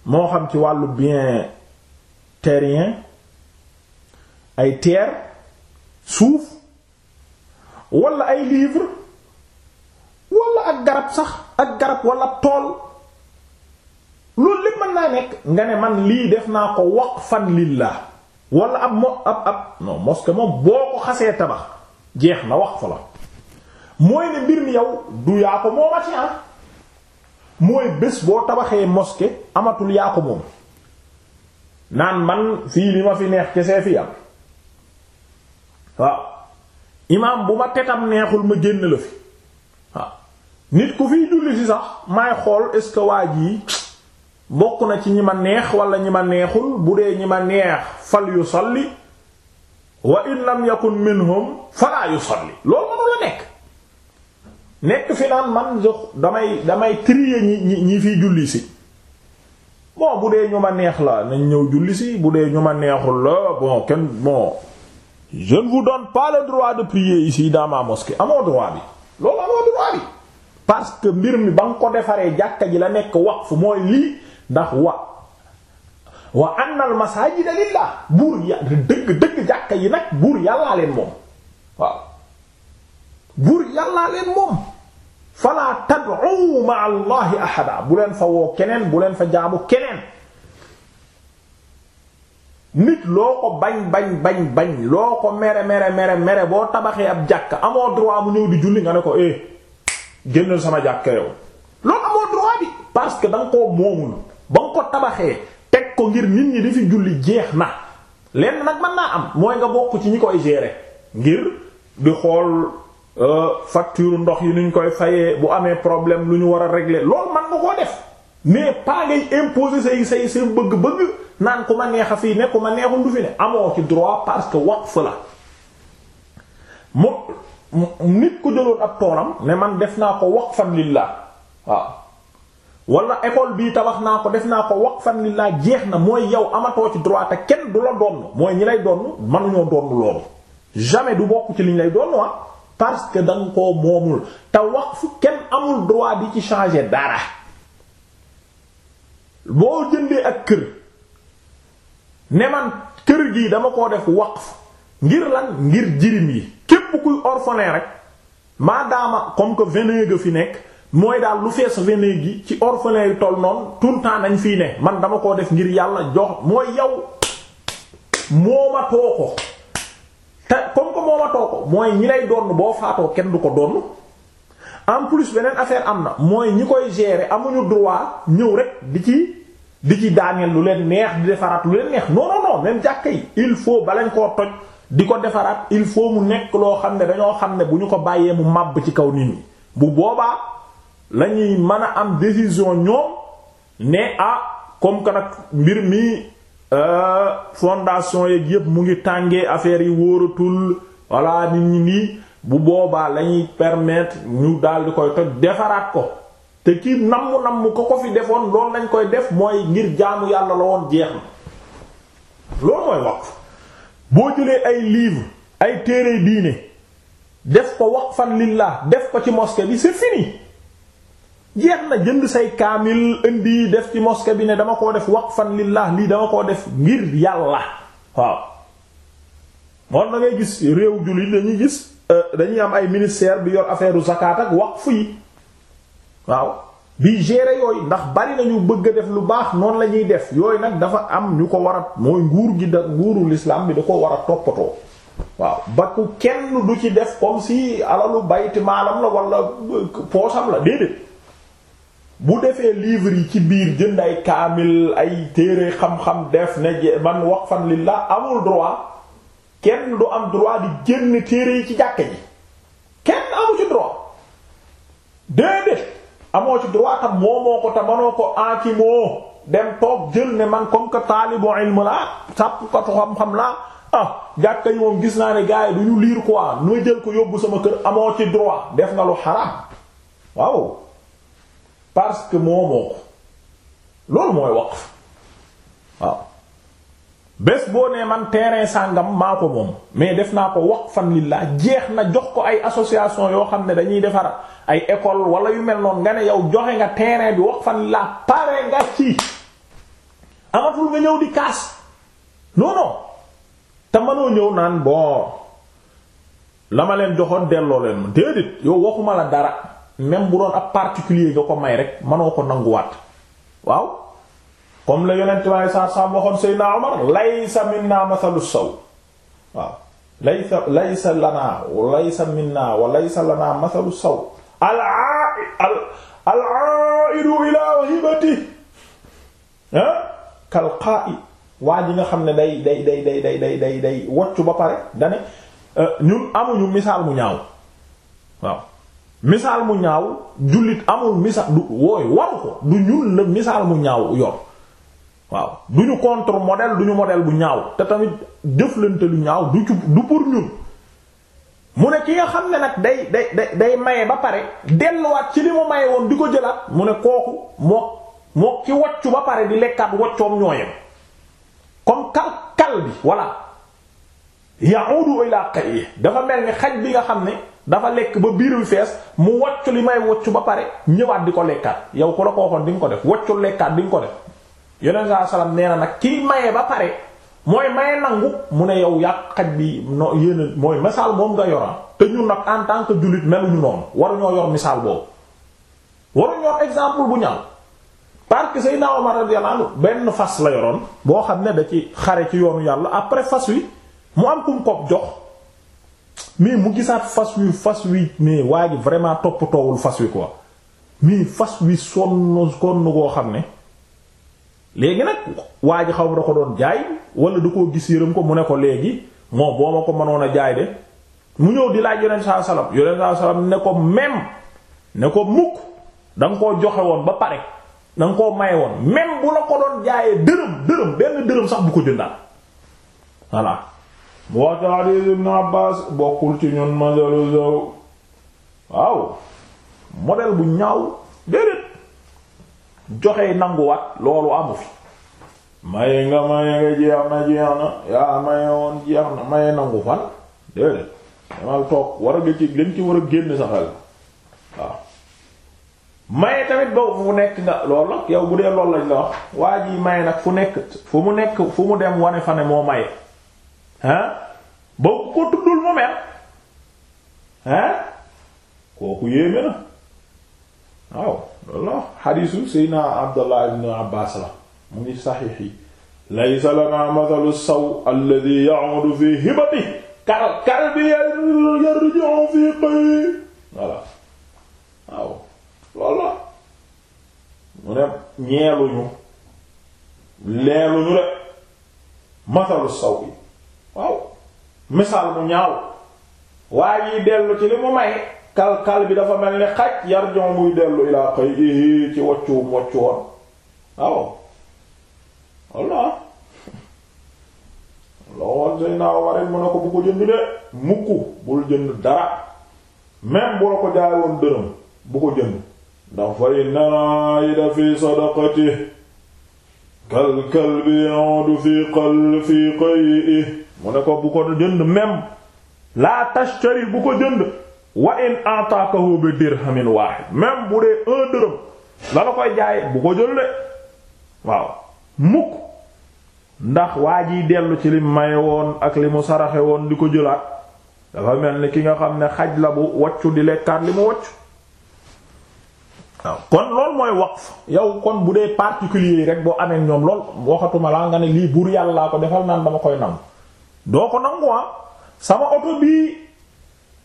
moo xam ci wàllu bien terrien ay terre suuf wala ay livre wala ak garab sax ak garab walla tool naa nga ne man lii def naa ko waqfan lillah wala ab mo ab ab non moom boo ko xasee tabax jeex na waqf la mooy ne mbir mi yow du yaa ko moomati ah mooy bés boo tabaxee mosquée amatul yaa ko moom naan man fii li ma fi neex kesee fi am waaw imaam bu ma tetam neexul ma génn la fi waaw nit ku fiy julli ci sax maay xool est-ce waa ji bokk na ci ñi ma neex wala ñi ma neexul bu dee ñi ma neex fal yu salli wa in lam yakun minhum fala yusalli loolu mënu la nekk nekk fi man jox damay damay trier ñi ñi ñi fi julli si bon bu dee ñu ma neex la nañ ñëw julli si bu dee ñu ma neexul la bon kenn bon je ne vous donne pas le droit de prier ici dans ma mosquée amoo droit bi loolu amoo droit bi parce que mbir mi ba nga ko defaree jàkka ji la nekk waqf mooy lii ndax wa wa anna al masajida buur ya dëgg dëgg jàkka yi nag buur yàllaa leen moom waaw buur yàllaa leen moom fala tad'u ma'a allahi ahada bu leen fa woo keneen bu leen fa jaamu keneen nit loo ko bañ bañ bañ bañ loo ko mere mere mere mere boo tabaxee ab jàkka amoo droit mu ñëw di julli nga ne ko eh génnal sama jàkka yow loolu amoo droit bi parce que da nga koo moomul ba nga ko tabaxee teg ko ngir nit ñi di fi julli jeex na lenn nag mën naa am mooy nga bokk ci ñi koy gérer ngir di xool euh, facture ndox yi nuñ koy fayee bu amee problème lu ñu war a réglé loolu man nga koo def mais pas ngay imposer say say say bëgg-bëgg naan ku ma neex a fii nekku ma neexul du fi ne amoo ci droit parce que wax waqf la mu nit ku jëloon ab toolam ne man def naa ko wax waqfan lillah waaw wala école bii tabax naa ko def naa ko wax waqfan lillah jeex na mooy yow amatoo ci droit te kenn du la doon mooy ñi lay doon mënuñoo doon loolu jamais du bokk ci liñ lay doon wa ah, parce que da ko koo moomul te fu kenn amul droit di ci changer dara boo jëndee ak kër ne man kër gii dama ko def waqf ngir lan ngir jirim yi képp kuy orphelin rek maadaama comme que vingt nga fi nekk. mooy daal lu fees vene gi ci orphelin yu toll noon tout le temps nañ fii ne man dama koo def ngir yàlla jox mooy yow moomatoo ko te comme ko moomatoo ko mooy ñi lay donn boo faatoo kenn du ko doon en plus beneen affaire am na mooy ñi koy gérer amuñu droit ñëw rek di ci di ci daaneel lu leen neex di defaraat lu leen neex non non non même jàkka yi il faut balañ koo toj di ko defaraat il faut mu nekk loo xam ne dañoo xam ne bu ñu ko bàyyee mu màbb ci kaw nit ñi lañuy ñuy mën a am décision ñoom ne ah comme que nag mbir mi euh, fondation yeeg yépp mu ngi tàngee affaires yi wóoratul walla nit ñi nii bu boobaa lañuy permettre ñu daal di koy toj defaraat ko te kii namm namm ko ko fi defoon loolu lañ koy def mooy ngir jaamu yàlla la woon jeex na loolu mooy waqf boo jëlee ay livre ay téere diine def ko waqfan lillah def ko ci moske bi c'est fini jeex na jënd say kaamil indi def ci moska bi ne dama koo def wax fan lillah lii dama koo def ngir yàlla waaw moom da ngay gis réew jullit dañuy gis euh, dañuy am ay ministère bi yor affaire u zakat ak waqf yi waaw bi gérer yooyu ndax bari nañu bëgg a def lu baax noonu la ñuy def yooyu nag dafa am ñu ko war a mooy nguur gi da nguuru lislaam bi da ko war a toppatoo waaw ba ku kenn du ci def comme si alalu bayt maalam la wala poosam la déedéet bu defee livre yi ci biir jënd ay kaamil ay téere xam-xam def ne man waqfan lillah amul droit kenn du am droit di génn téere yi ci jàkka ji kenn amu ci droit déedéet amoo ci droit tam moomoo ko te manoo ko aakimoo dem toog jël ne man comme que taalibu ilm laa sàppkatu xam-xam laa ah jàkka yi moom gis naa ne gars yi du ñu lire quoi nu jël ko yóbbu sama kër amoo ci droit def nga lu xaraam waaw parce que moomoo ko loolu mooy waqf waaw bés boo nee man terrain sàngam maa ko moom mais def naa ko wax waqfan lillah jeex na jox ko ay association yoo xam ne dañuy defar ay école wala yu mel noonu nga ne yow joxe nga terrain bi waqfan lillah pare nga ci amatul nga ñëw di kaas non te mënoo ñëw naan bon la ma leen joxoon delloo leen ma déedéet yow waxuma la dara. même bu doon ab particulier nga ko may rek mënoo ko nanguwaat waaw comme la yonent bi saa saa waxoon Seydina Omar laysa minna masalu saw waaw laysa laysa lanaa laysa minna wa laysa lanaa masalu saw al al al aidu ila hibati kal qa'i waa ji nga xam ne day day day day day day day day woccu ba pare dane euh, ñun amuñu misaal mu ñaaw waaw misaal mu ñaaw jullit amul misaal du wooy waru ko du ñuul la misaal mu ñaaw yor waaw du ñu contre modèle du ñu modèle bu ñaaw te tamit jëflante lu ñaaw du ci du pour ñun mu ne ki nga xam ne nag day day day maye ba pare delluwaat ci li mu maye woon di ko jëlaat mu ne kooku moo moo ki waccu ba pare di lekkaat waccoom ñooyam comme kal kal bi voilà ya'udu ila qayyi dafa mel ni xaj bi nga xam ne dafa lekk ba biir bi fees mu wocc li may wocc ba pare ñëwaat di ko lekkaat yow ku la ko waxoon di nga ko def woccu lekkaat di nga ko def yeneen saa salaam nee na nag kiy maye ba pare mooy maye nangu mu ne yow yàq xaj bi no yéen mooy misaal moom nga yoram ah. te ñun nag en tant que jullit meluñu noonu waruñoo yor misaal boobu waruñoo exemple bu ñaaw parce que Seydina ma radiyallahu anhu benn fas la yoroon boo xam ne da ci xare ci yoonu yàlla après fas wi mu am kum ko jox. mais mu gisaat fas wi fas wi mais waa ji vraiment toppatoowul fas wi quoi mais fas wi sonn sonn koo xam ne léegi nag waa ji xaw ma da ko doon jaay wala da koo gis yërëm ko mu ne ko léegi moom boo ko mënoon a jaay de mu ñëw di laaj yonent saa salaam yonent saa salaam ne ko meem ne ko mukk da nga koo joxe woon ba pare da nga koo maye woon même bu la ko doon jaayee dërëm dërëm benn dërëm sax bu ko jëndaat voilà. mu wax ci xadiis ibnu waaw modèle bu ñaaw déedéet joxee nanguwaat loolu amu fi maye nga maye nga jeex na jeex na yaa maye woon jeex na maye nangu fan déedéet damal toog war a nga ci ci war a génn sa xel maye tamit boobu fu nekk nga loolu la yow bu dee loolu la wax waa ji maye nag fu nekk fu mu nekk fu mu dem wane fa ne moo maye ah boo ko tuddul mu mer ah kooku yéeme na waaw loolu xadiisu Seydina Abdallah ibn Abbaas la mu ngi saxiix yi laysa lana mathalu saw alladhi ya'udu fi hibati kal kal bi yarji'u fi qayyi voilà waaw loolu mu ne ñeeluñu leeluñu rek mathalu saw misaal mu ñaaw waaye yiy dellu ci li mu may kalkal bi dafa mel ni xaj yarjon muy dellu ilaa xëy éé ci waccuwum waccu woon waaw walla lool say naa warit mu ne ko bu ko jënd de mukk bul jënd dara même boo ko jaayoon dërëm bu ko jënd ndax fa inna al-aayida fi sadaqatihi kal kalbi ya'udu fi qal fi mu ne ko bu ko jënd laa la tashtari bu ko jënd wa in ataakahu bi dirhamin waahid même bu dee un dërëm la la koy jaaye bu ko jël de waaw mukk ndax waa jiy dellu ci li maye woon ak li mu saraxe woon di ko jëlaat dafa mel ni ki nga xam ne xaj la bu waccu di lekkaat li mu waccu waaw kon loolu mooy waqf yow kon bu dee particulier rek boo amee ñoom lool waxatuma laa nga ne lii buur yàlla laa ko defal naan dama koy nam doo ko nangu ah. sama oto bii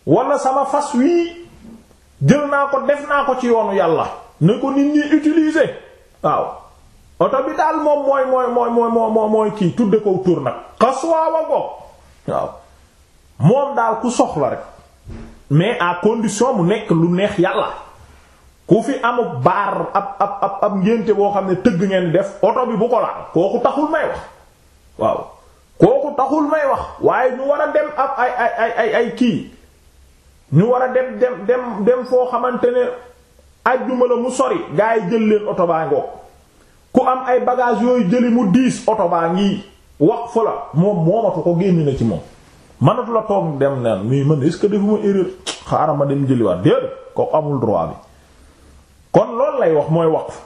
wala sama fas wii jël naa ko def naa ko ci yoonu yàlla ne ko nit ñi utiliser waaw oto bi daal moom mooy mooy mooy mooy mooy kii tudde ko tur nag xaswaawa ko waaw moom daal ku soxla rek mais à condition mu nekk lu neex yàlla ku fi amu baar ab ab ab ab ngénte boo xam ne tëgg ngeen def oto bi bu ko laal kooku taxul may wax waaw kooku taxul may wax waaye ñu war a dem ab ay ay ay kii ñu war a dem dem dem dem foo xamante ne ajjuma la mu sori gaa yi jël leen oto baa ngoog ku am ay bagage yooyu jëli mu diis oto baa ngi wax fu la moom moomatu ko génn na ci moom manatu la toog dem naan muy man est-ce defuma erreur xaaral ma dem jëliwaat déedéet ko amul droit bi kon loolu lay wax mooy wax waqf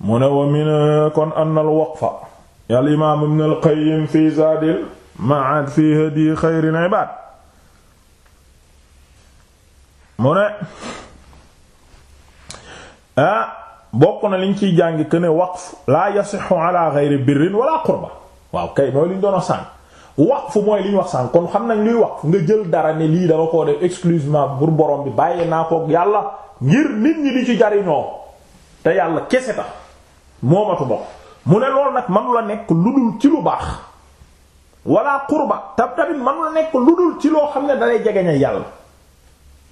mu ne wa min kon annal fa al imaam ibn al qayyim fi zaadil ma'aad fi hadyi xayril ibaad mu ne bokk na liñ ciy jàng que ne waqf laa yasixu ala xayri birrin wala qurba waaw kay mooy liñ doon a sànq waqf mooy liñ wax sànq kon xam nañ luy waqf nga jël dara ne lii dama koo def exclusivement pour borom bi bàyyee naa kook yàlla ngir nit ñi di ci jariñoo te yàlla kese tax moomatu bokk mu ne loolu nag manu la nekk lu dul ci lu baax wala qurba tab tamit manu la nekk lu dul ci loo xam ne dalay jegeña yàlla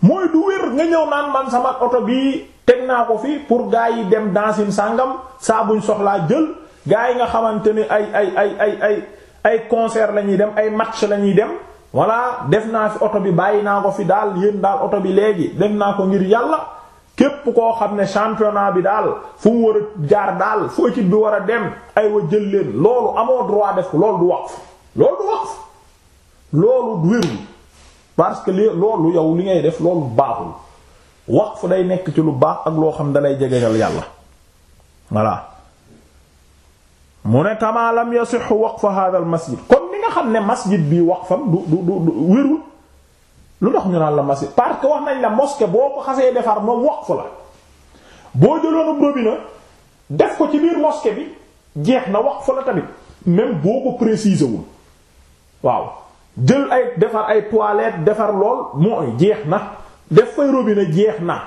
mooy du wér nga ñëw naan man sama oto bi teg naa ko fi pour gaa yi dem dansin sàngam saa buñ soxlaa jël gaa yi nga xamante ni ay ay ay ay ay ay concert la ñuy dem ay match la ñuy dem voilà def naa fi oto bi bàyyi naa ko fi daal yéen daal oto bi léegi def naa ko ngir yàlla képp koo xam ne championnat bi daal fu war a jaar daal fu bi war a dem aywa jël leen loolu amoo droit def ko loolu du waqf loolu du waqf loolu parce que li loolu yow li ngay def loolu baaxul waqf day nekk ci lu baax ak loo xam dalay jegeñal yàlla voilà mu ne kama lam yasixu waqfa hadha al masjid kon ni nga xam ne masjid bi waqfam du du du wérul lu tax ñu naan la masjid parce que wax nañ la moske boo ko xasee defar moom waqf la boo jëloon robine def ko ci biir mosquée bi jeex na waqf la tamit même boo ko préciser wul waaw jël ay defar ay toilettes defar lool mooy jeex na def fay robine jeex na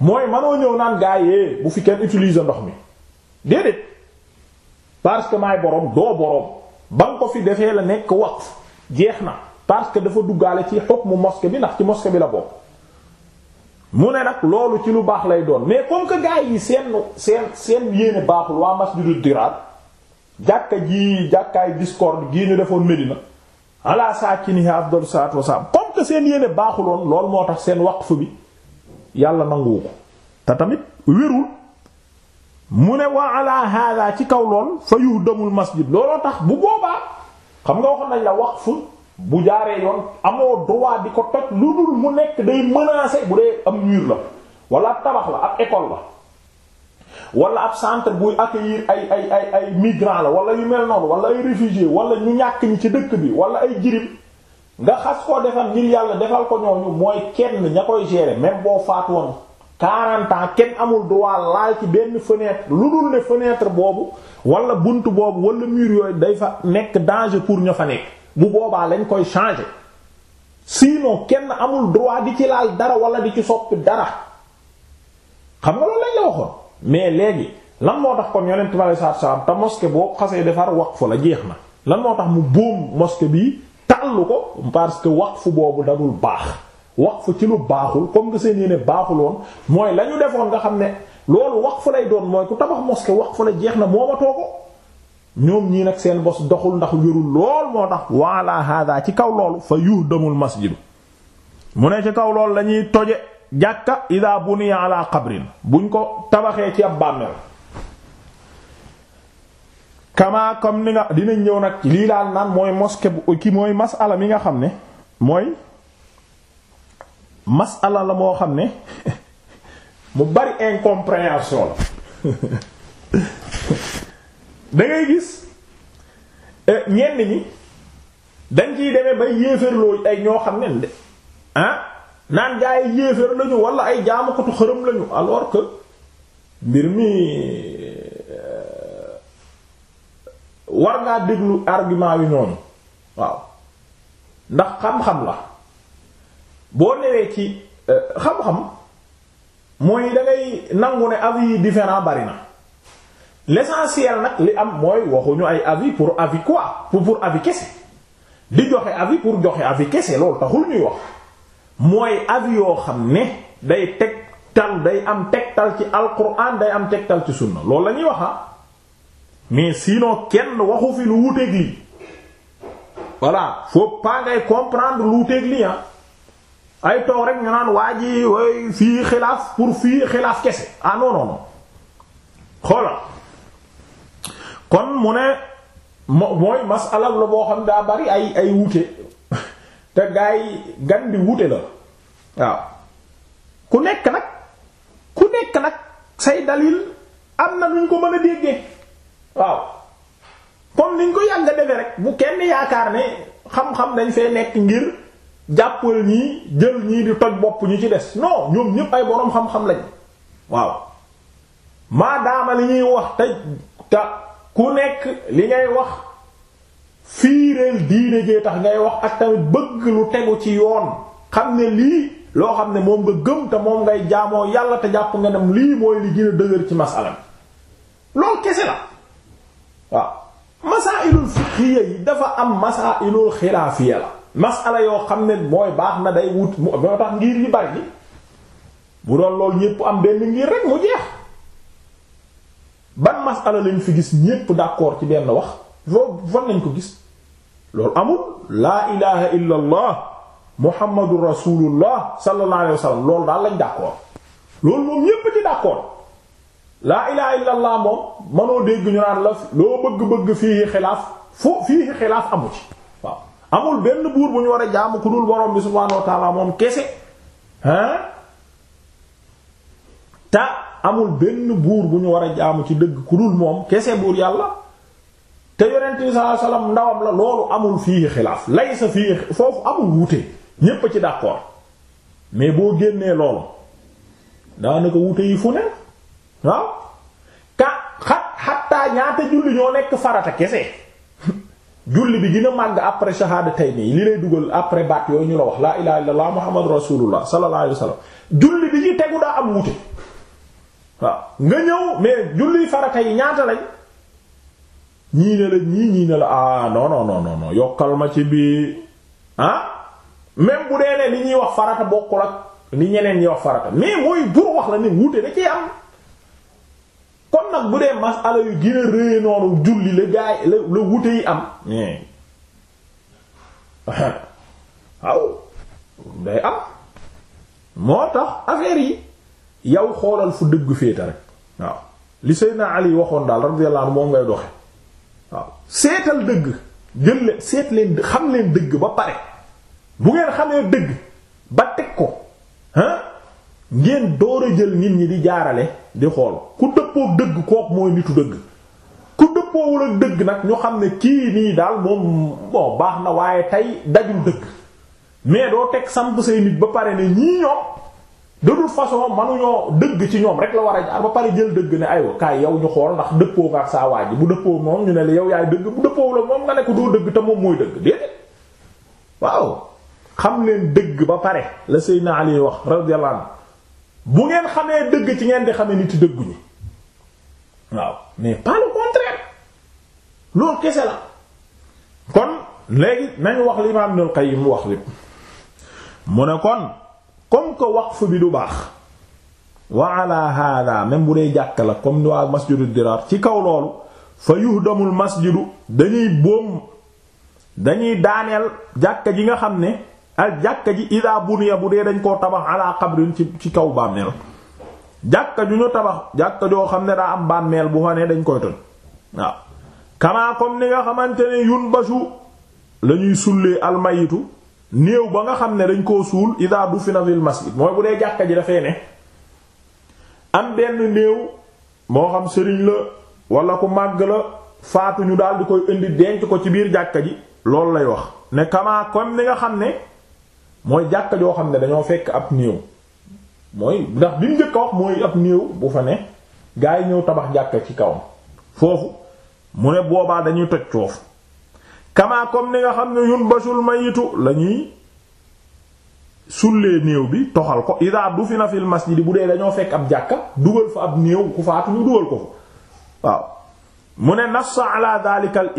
mooy manoo ñëw naan gaa yee eh, bu fi kenn utiliser ndox mi déedéet parce que maay borom doo borom ba nga ko fi defee la nekk waqf jeex na. parce que dafa duggaale ci mu mosquée bi ndax ci mosquée bi la bokk mu ne nag loolu ci lu baax lay doon mais comme que gars yi seen seen seen yéene baaxul waa masjidu diraar jàkka ji jàkkaay discorde gii ñu defoon Medina ala saakinihi afdalu salaatu wasalaam comme que seen yéene baaxuloon loolu moo tax seen waqf bi yàlla nanguwu ko te tamit wérul mu ne wa ala hada ci kaw lool fa yuhdamul masjid looloo tax bu boobaa xam nga waxoon nañ la waqf bu jaaree yoon amoo droit di ko toj lu dul mu nekk day menacer bu dee am mur la wala ab tabax la ab école la wala ab centre buy accueillir ay ay ay ay migrants la wala yu mel noonu wala ay réfugiés wala ñu ñàkk ñi ci dëkk bi wala ay jirim nga xas koo defal ngir yàlla defal ko ñooñu mooy kenn ña koy gérer même boo faatu woon 40 ans kenn amul droit laal ci benn fenêtre lu dul ne fenêtre boobu wala bunt boobu walla mur yooyu day fa nekk danger pour ña fa nekk. bu boobaa lañ koy changer sinon kenn amul droit di ci laal dara wala di ci soppi dara xam nga loolu lañ la waxoon mais léegi lan moo tax kon yonent bi alei satu salaam te mosquée boo xasee defar wax waqfu la jeex na lan moo tax mu boom moske bi tàllu ko parce que wax fu boobu dadul baax wax waqfu ci lu baaxul comme nga seen yéene baaxul woon mooy la ñu defoon nga xam ne loolu waqfu lay doon mooy ku tabax wax waqfu la jeex na moomatoo ko ñoom ñii nag seen bos doxul ndax wérul lool moo tax wala hada ci kaw loolu fa yuhdamul masjidu mu ne ci kaw loolu lañuy toje jàkka ida buniya ala qabrin buñ ko tabaxee ci ab bàmmeel kama comme ni nga dinañ ñëw nag lii laal naan mooy moske bu ki mooy masala mi nga xam ne mooy masala la moo xam ne mu bari incompréhension da gis eh, ñenn ñi dañ ciy demee bay yéefarloo ay ñoo xam ne de ah naan gaa yi yéefar lañu wala ay jaamukatu xërëm lañu alors que mbir mi eh, war ngaa déglu argument yu noonu waaw ndax xam-xam la boo newee ci eh, xam-xam mooy da ngay nangu ne avis yi différent bari na l'essentiel nag li am mooy waxuñu ay avis pour avis quoi pour kese di joxe avis pour joxe avis kese loolu taxul ñuy wax mooy avis yoo xam ne day tegtal day am tegtal ci alquran day am tegtal ci sunna loolu la ñuy wax ah. mais sinon kenn waxu fi lu wuteeg lii voilà faut pas ngay comprendre lu wuteeg lii ah ay toog rek ñu naan waa ji fii xilaaf pour fii xilaaf kese ah non non kon mu ne moo mooy alal la boo xam daa bari ay ay wute te gaa yi gan bi wute la waaw ku nekk nag ku nekk nag say dalil am na ñu ko mën a déggee waaw comme niñ ko yàgg a defee rek bu kenn yaakaar ne xam-xam dañ fee nekk ngir jàppal ñi jël ñii di toj bopp ñu ci des noo ñoom ñépp ay boroom xam-xam lañ waaw maadaama li ñuy wax te ta ku nekk li ngay wax fiireel diine jee tax ngay wax ak tamit bëgg lu tegu ci yoon xam ne lii loo xam ne moom nga gëm te moom ngay jaamoo yàlla te jàpp nga dem lii mooy li gën a dëgër ci masala mi loolu kese la waaw masaa'ilul fiqhiyya yi dafa am masaa'ilul xilaafiyya la masala yoo xam ne mooy baax na day wut moo tax ngir yi bari bu doon loolu ñépp am benn ngir rek mu jeex ban masala lañu fi gis ñépp d'accord ci benn wax foofu fan lañ ko gis loolu amul laa ilaha illa allah muhammadu rasulullah sallallahu alayhi wa sallam loolu daal lañ d'accord loolu moom ñépp ci d'accord laa ilaha illa moom manoo dégg ñu naan la loo bëgg-bëgg fii xilaaf foo fii xilaaf amu ci waaw amul benn buur bu ñu war a jaamu ku dul borom bi subhaanahu wa moom kese hein amul benn buur bu ñu war a jaamu ci dëgg ku dul moom kese buur yàlla te yonent bi sallallahu ndawam la loolu amul fii xilaaf sa fii foofu amul wuute ñépp ci d'accord mais boo génnee loolu daanaka wuute yi fu ne waaw ka xat xattaa ñaata julli ñoo nekk farata kese julli bi gën a màgg après shahada tay nii li lay dugal après baat yooyu ñu la wax laa ilaha illallah muhammadu rasulullah sallallahu alayhi julli bi ñu tegu daa am wuute waaw nga ñëw mais julli farata yi ñaata lañ ñii la ñii ñii ne la ah non non non yokkal ma ci bii ah même bu dee ne li ñuy wax farata bokkul ak li ñeneen ñi wax farata mais mooy bur wax la ne wuute da ciy am. kon nag bu dee masala yu gën a rëy noonu julli la gaay la la wute yi am waaw day am moo tax affaire yi. yow xoolal fu dëgg féete rek waaw li Seydina Ali waxoon daal radiyallahu moo ngay doxe waaw seetal dëgg jël leen seet leen xam leen dëgg ba pare bu ngeen xamee dëgg ba teg ko ah ngeen door a jël nit ñi di jaarale di xool ku dëppook dëgg kook mooy nitu dëgg ku dëppoowul ak dëgg nag ñu xam ne kii nii daal moom baax na waaye tey dajul dëgg mais doo teg samp say nit ba pare ne ñii ñoom de toute façon manuñoo dëgg ci ñoom rek la war a jaar ba pare jël dëgg ne aywa kaay yow ñu xool ndax dëppoo nga ak saa bu dëppoo moom ñu ne la yow yaay dëgg bu dëppoo la moom nga ne ko doo dëgg te moom mooy dëgg déedéet waaw xam leen dëgg ba pare la naa Ali wax radiyallahu anhu bu ngeen xamee dëgg ci ngeen di xamee nit dëgguñu waaw mais pas le contraire loolu kese la kon léegi nañ wax li Imaam Ibnul Qayyim wax lépp mu ne kon. comme wax waqf bi du baax wa ala hada même bu dee jàkk la comme waa masjidu diraar ci kaw loolu fa yuhdamul masjidu dañuy boom dañuy daaneel jàkka ji nga xam ne al jàkka ji ida buniya bu dee dañ koo tabax ala qabrin ci kaw bàmmeel jàkka ju ñu tabax jàkka joo xam ne daa am bàmmeel bu fa ne dañ koy toj waaw kamaa comme ni nga xamante ne yun basu lañuy sullee almayitu néew ba nga xam ne dañ koo suul ida dufina fil masjid mooy bu dee jàkka ji dafay ne am benn néew moo xam sëriñ la walla ku màgg la faatu ñu daal di koy indi denc ko ci biir jàkka ji loolu lay wax ne kamaa comme nga xam ne mooy jàkka joo xam ne dañoo fekk ab néew mooy ndax bi mu njëkk a wax mooy ab néew bu fa ne gaa yi ñëw tabax jàkka ci kawam foofu mu ne boobaa dañuy toj coofu kamaa comme ni nga xam ne yun basul mayitu la ñuy sullee néew bi toxal ko ida du fi na masjidi bu dee dañoo fekk ab jàkka dugal fa ab néew ku faatu ñu dugal ko fa waaw mu ne nassa ala dalika al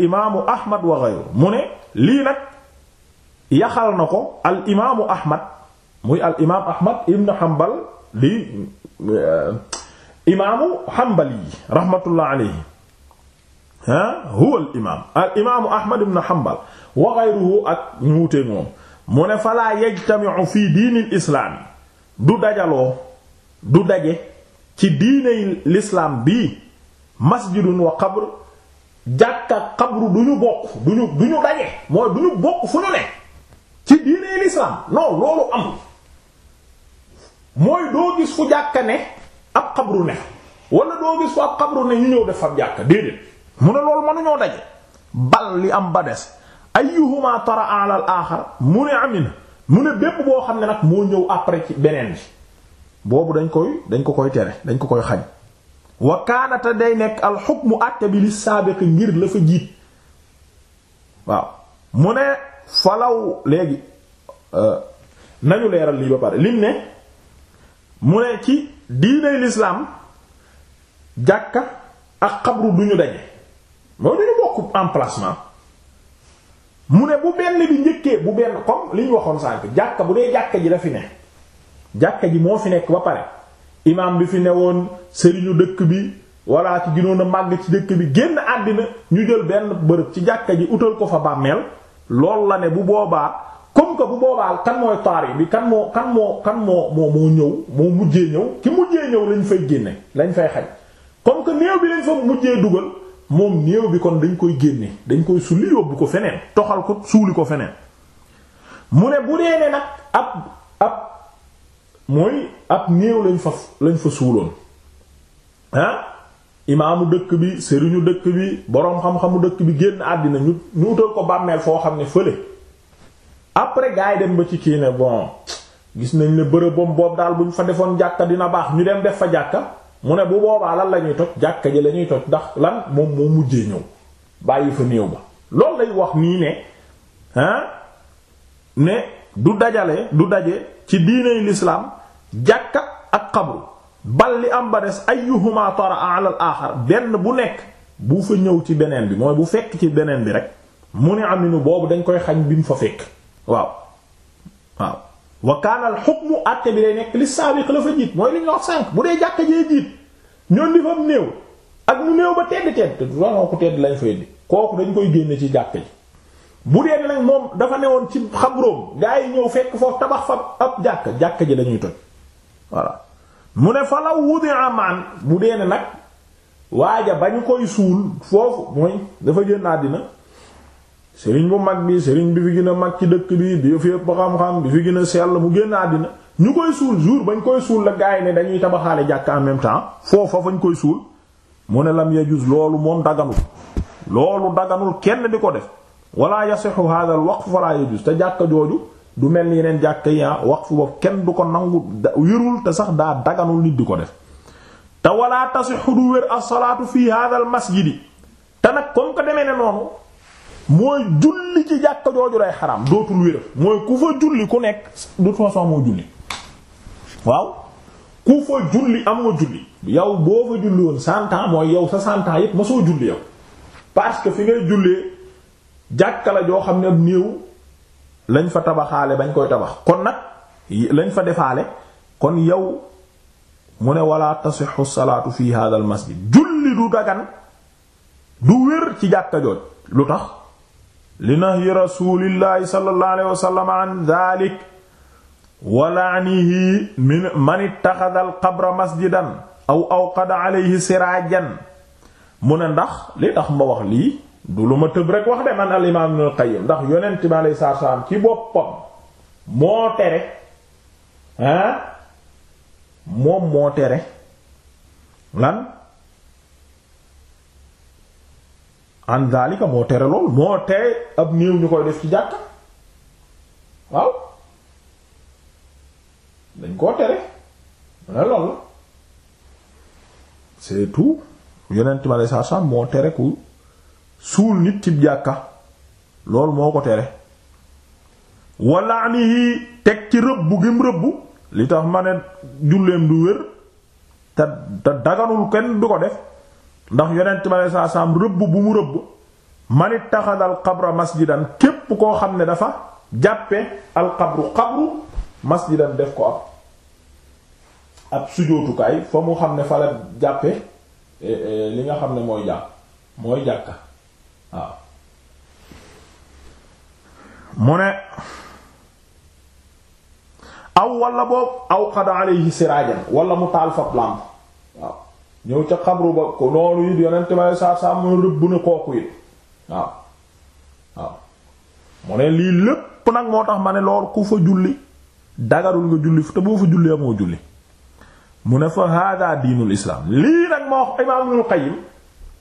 ahmad wa ghayru mu ne lii nag yaxal na ko al ahmad muy al ahmad ibn hanbal lii eh, imaamu hanbali rahmatullah alayhi ah huwa al imaam Ahmad ibn Hanbal wa ghayruhu ak ñu wutee moom mu ne falaa yajtami'u fi diinil islaam du dajaloo du daje ci diiney lislaam bii masjidun wa qabr jàkka qabru du ñu bokk du ñu du ñu daje mooy du ñu bokk fu ñu ne ci diiney lislaam non loolu amul mooy doo gis fu jàkka ne ab qabru ne wala doo gis fu ab qabru ne ñu ñëw def ab jàkka déedéet mu ne loolu mënuñoo daje bal li am ba des ayyuhuma tara ala al axar mu ne amina mu ne bépp boo xam ne nag moo ñëw après beneen bi boobu dañ koy dañ ko koy tere dañ ko koy xaj wa day nekk al xukmu àtte bi li saabiq ngir la fa jiit waaw mu ne falaw léegi euh, nañu leeral lii ba pare lim ne mu ne ci diiney lislaam jàkka ak xabru duñu daje mooy dañu bokk emplacement mu ne bu benn bi njëkkee bu benn comme li waxoon sànk jàkka bu dee jàkka ji la fi ne jàkka ji moo fi nekk ba pare imaam bi fi ne woon sëriñu dëkk bi walla ci ginoon a ci dëkk bi génn àddina ñu jël benn bërëb ci jàkka ji utal ko fa bàmmeel lool la ne bu boobaa comme que bu boobaa kan mooy taar bi kan moo kan moo kan moo moo moo ñëw moo mujjee ñëw ki mujjee ñëw lañ fay génne lañ fay xaj comme que néew bi lañ fa mujjee dugal moom néew bi kon dañ koy génne dañ koy sulli yóbbu ko feneen toxal ko suuli ko feneen mu ne bu dee ne nag ab ab mooy ab néew lañ fa lañ fa suuloon ah imaamu dëkk bi sëriñu dëkk bi boroom xam-xamu dëkk bi génn àddina ñu ñu utal ko bàmmeel foo xam ne fële après gars dem ba ci kii ne bon gis nañ ne bërëbam boobu daal bu ñu fa defoon jàkka dina baax ñu dem def fa jàkka mu ne bu boobaa lan la ñuy toj jàkka ji la toj ndax lan moom moo mujjee ñëw bàyyi fa néew ba loolu lay wax nii ne ne du dajale du daje ci diiney lislaam jàkka ak xabru bal li am ba des ayyuhuma tara ala al benn bu nekk bu fa ñëw ci beneen bi mooy bu fekk ci beneen bi rek mu ne aminu boobu dañ koy xañ bi mu fa fekk waaw waaw wa kaana al hukmu àtte bi day nekk li saabiq la fa jiit mooy li ñu wax sànq bu dee jàkka jee jiit ñoon di fam néew ak mu néew ba tedd tedd lonoo ko tedd lañ fa indi kooku dañ koy génne ci jàkka ji bu dee nag moom dafa newoon ci xabroom gaa yi ñëw fekk foofu tabax fa ab jàkka jàkka ji dañuy toj voilà mu ne falaw law wudi'a man bu dee nag waaja bañ koy suul foofu mooy dafa génn àddina sëriñ bu mag bi sëriñ bi fi gën a mag ci dëkk bi bi fi ëpp xam-xam bi fi gën a sell mu génn àddina ñu koy suul jour bañ koy suul la gaay ne dañuy tabaxaale jàkk en même temps foofa fañ koy suul mu ne lam yajuz loolu moom daganul loolu daganul kenn di ko def wala yasihu hadha al waqf wala yajuz te jàkka jooju du mel ni yeneen jàkk wax ah, waqf boobu kenn du ko nangu wérul te sax daa daganul nit di ko def te wala tasixu du wér a salaatu fi hadha al masjidi te nag comme ko demee ne noonu mooy julli ci jàkka jooju day xaram dootul wér mooy ku fa julli ku nekk de toute façon moo julli waaw ku fa julli amoo julli yow boo fa julli woon cent mooy yow sa cent ans yépp ma soo julli yow parce que fi ngay jullee jàkka la joo xam ne ab néew lañ fa tabaxaale bañ koy tabax kon nag lañ fa defaale kon yow mu ne wala tasixu salaatu fi hadha masjid julli du dagan du wér ci jàkka jooj lu tax li nahyi rasulillahi sallallahu alayhi wa sallam an dhalik wa min man ittaxada al masjidan aw awqada alayhi siraajan mu ne ndax li tax ma wax lii du lu ma tëb rek wax de man al imaam ibn al qayyim ndax yonent bi alayhi salaatu wa ci boppam moo tere ah moom moo tere lan an daalika moo tere lool moo tere ab néew ñu koy def ci jàkka waaw dañ koo tere mu ne lool la c'est tout yonent ma lay saar moo tere ku suul nit ci jàkka loolu moo ko tere walla ni teg ci rëbbu gim rëbbu li tax ma ne julleem du wér te te daganul kenn du ko def ndax yonent ma ne saa saam rëbb bu mu rëbb man ittaxada al qabra masjidan képp koo xam ne dafa jàppe al qabru qabru masjidan def ko ab ab sujootukaay fa mu xam ne fa la jàppe eh, eh, li nga xam ne mooy jàpp mooy jàkka waaw mu ne aw walla boobu aw qada alayhi siraajan walla mu taal fa lamp waaw ñëw ca xabru ba ko noonu it yonent ma saa saa mooy rëbb na kooku it waaw waaw mu ne lii lépp nag moo tax ma ne lool ku fa julli dagarul nga julli te boo fa julli amoo julli mu ne fa hada diinul islaam lii nag moo wax imaam Ibnul Qayyim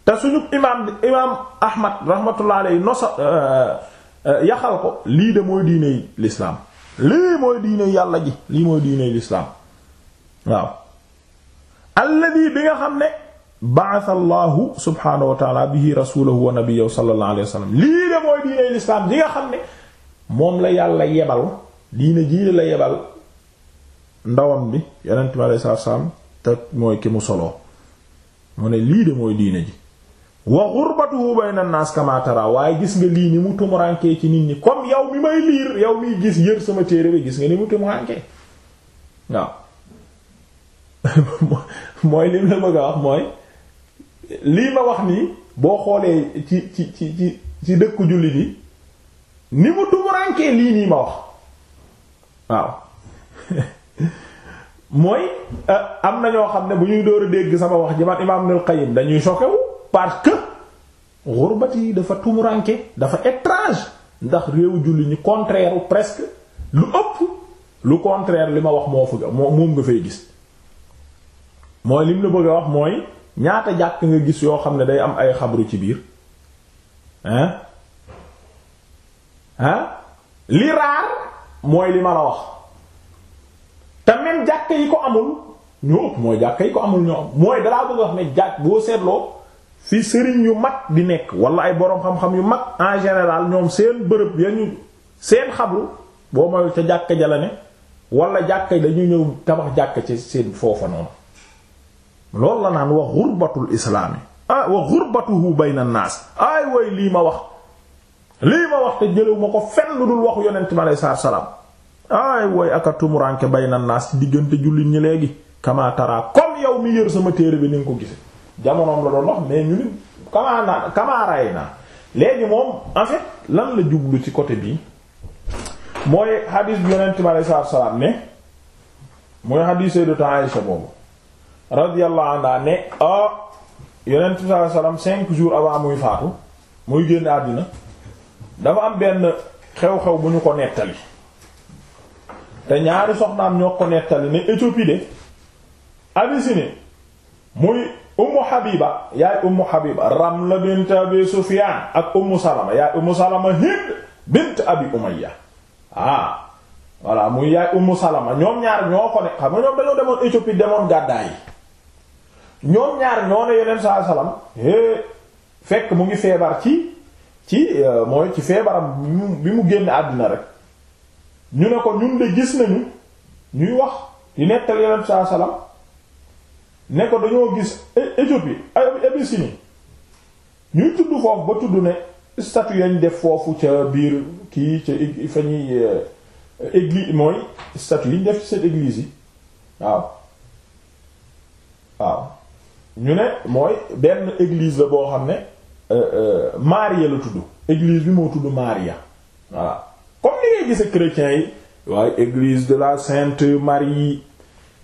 te suñu imaam imaam Ahmad rahmatullah alayhi nosa euh, euh, yaxal ko lii de mooy diiney lislaam lii mooy diiney yàlla ji lii mooy diiney lislaam waaw alladi bi nga xam ne ba'atha allahu subhaanahu wa ta'ala bihi rasulahu wa nabiyyu sallallahu lii de mooy diine lislaam ji nga xam ne moom la yàlla yebal diine ji la yebal ndawam bi yonent mi alayhi salaam te mooy ki mu soloo mu ne lii de mooy diine ji wa ghurbatuhu bayna an-nas kama waaye gis nga lii ni mu tumurankee ci nit ñi comme yow mi may liir yow miy gis yër sama téere bi gis nga ni mu tumurankee waaw mooy li ma bëgg a wax mooy lii ma wax nii boo xoolee ci ci ci ci ci dëkku jullit yi ni mu tumurankee lii nii ma wax waaw mooy euh, am na ñoo xam ne bu ñuy door a dégg sama wax ji man imaam Ibnul Qayyim dañuy choqué wu parce que xurbat yi dafa tumuranke dafa étrange ndax réewu julli ñi contraire presque lu ëpp lu contraire li ma wax moo fu moom nga fay gis mooy lim la bëgg a wax mooy ñaata jàkk nga gis yoo xam ne day am ay xabru ci biir hein hein li raar mooy li ma la wax te même jàkk yi ko amul ñoo ëpp mooy jàkk yi ko amul ñoo ëpp mooy dalaa bëgg a wax ne jàkk boo seetloo fi sëriñ yu mag di nekk wala ay boroom xam-xam yu mag en général ñoom seen bërëb ya ñu seen xabru boo moyul ca jàkk ja la wala jàkk dañu ñëw tabax jàkk ci seen foofa noonu loolu la naan wa xurbatul islaami ah wa xurbatuhu bayna naas ay way lii ma wax lii ma wax te jëlewu ma ko fenn lu dul waxu yonent bi aleyhi salaatu salaam ay way aka tumuranke bayna naas ci diggante jullit ñi léegi kamaa taraa yow mi yër sama téere bi ni nga ko gise jamonoom la doon wax mais ñu nit kamaa naa naa léegi moom en lan la jublu ci côté bii mooy xadiis bi yonent bi aleyhi salaatu boobu radiyallahu anha ne ah yonent bi cinq jour avant muy faatu muy génn àddina dafa am benn xew-xew bu ñu ko nettali te ñaari soxnaam ñoo ko nettali ne Éthiopie de Abyssinie muy Ummu Habiba yaay Ummu Habiba Ramla bint Abi Sufyan ak Ummu Salama yaay Ummu Salama Hind bint Abi Umayya ah voilà muy yaay Ummu Salama ñoom ñaar ñoo ko ne xam nga ñoom dañoo demoon Éthiopie demoon gàddaay ñoom ñaar ñoo ne yeneen saa salaam fekk mu ngi feebar ci ci euh, mooy ci feebaram bi mu génn àdduna rek ñu ne ko ñun de gis nañu ñuy wax di nettali yeneen saa salaam ne ko dañoo gis Éthiopie Abyssinie ñuy tudd foofu ba tudd ne statue yañ def foofu ca biir kii ca fa ñuy euh, église mooy statue yi ñu def ci seen église yi waaw waaw ñu ne mooy benn église la boo xam ne euh, euh, Maria la tudd église bi moo tudd Maria voilà comme ni ngay gise chrétiens yi waaye église de la Sainte Marie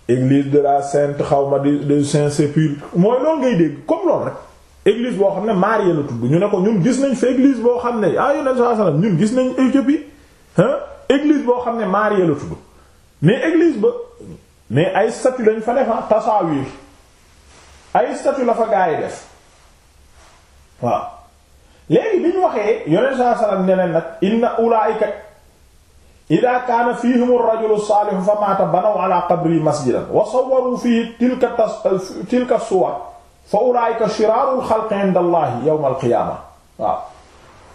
église de la Sainte xawma de Saint Sépulcre mooy loolu ngay dégg comme loolu rek église boo xam ne Maria la tudd ñu ne ko ñun gis nañ fa église boo xam ne ah yonent sallallahu alayhi ñun gis nañ Éthiopie hein église boo xam ne Maria la tudd mais église ba mais ay statues lañ fa def tasaawiir ay statut la fa gaa yi def waaw léegi bi ñu waxee yonent saa salaam ne leen nag inna ulaa'ika idaa kaana fiihimu rajulu saalihu fa maata banaw alaa qabri masjidan wa sawwaru fiihi tilka tilka suwar fa ulaa'ika shiraarul xalqi inda Allahi yawmal qiyaama waaw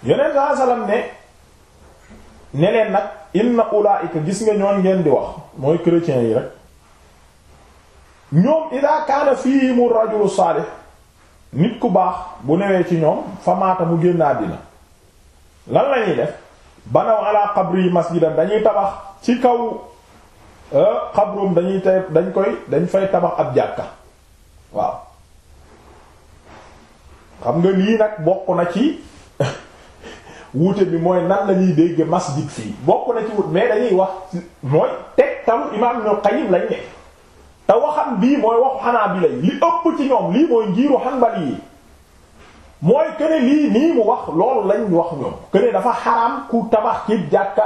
yonent saa salaam ne ne leen nag inna ulaa'ika gis nga ñoon ngeen di wax mooy chrétiens yi rek. ñoom ida kaana fiihimu rajulu saalih nit ku baax bu newee ci ñoom fa maata mu génn àddina lan lañuy def banaw ala qabri masjidan dañuy tabax ci kaw euh, xabrum dañuy tay dañ koy dañ fay tabax ab jàkka waaw xam nga lii nag bokk na ci wuute bi mooy nan lañuy dégg masjid fii bokk na ci wut mais dañuy wax mooy tegtalu imaam Ibn Qayyim lañ ne te waxam bii mooy waxu xanaa bi lay li ëpp ci ñoom lii mooy njiiru xanbali yi mooy këne lii nii mu wax loolu lañ wax ñoom këne dafa xaraam ku tabax ci jàkka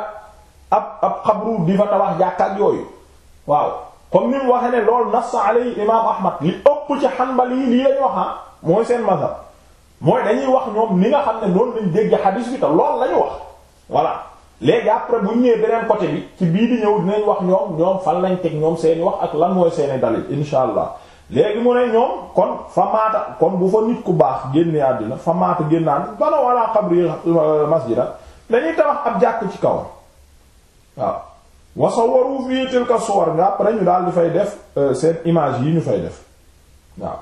ab ab xabru di fa tabax jàkka ak yooyu waaw kon ni mu waxee ne lool nas alay imaam ahmad li ëpp ci xanbali yi lii lañ waxa ah, mooy seen mazhab mooy dañuy wax ñoom ni nga xam ne noonu lañ dégg xadiis bi lool loolu lañu wax voilà léegi après bu ñu ñëwee beneen côté ci bii di ñëw dinañ wax ñoom ñoom fan lañ teg ñoom seeni wax ak lan mooy seeni dalil insha allah léegi mu ne ñoom kon fa maata kon bu fa nit ku baax génnee àddina fa maata naan bana wala xabri masjida dañuy tabax ab jàkk ci kaw waaw wasawaru fii tilka suwar nga après ñu daal di fay def euh, seen image yi ñu fay def waaw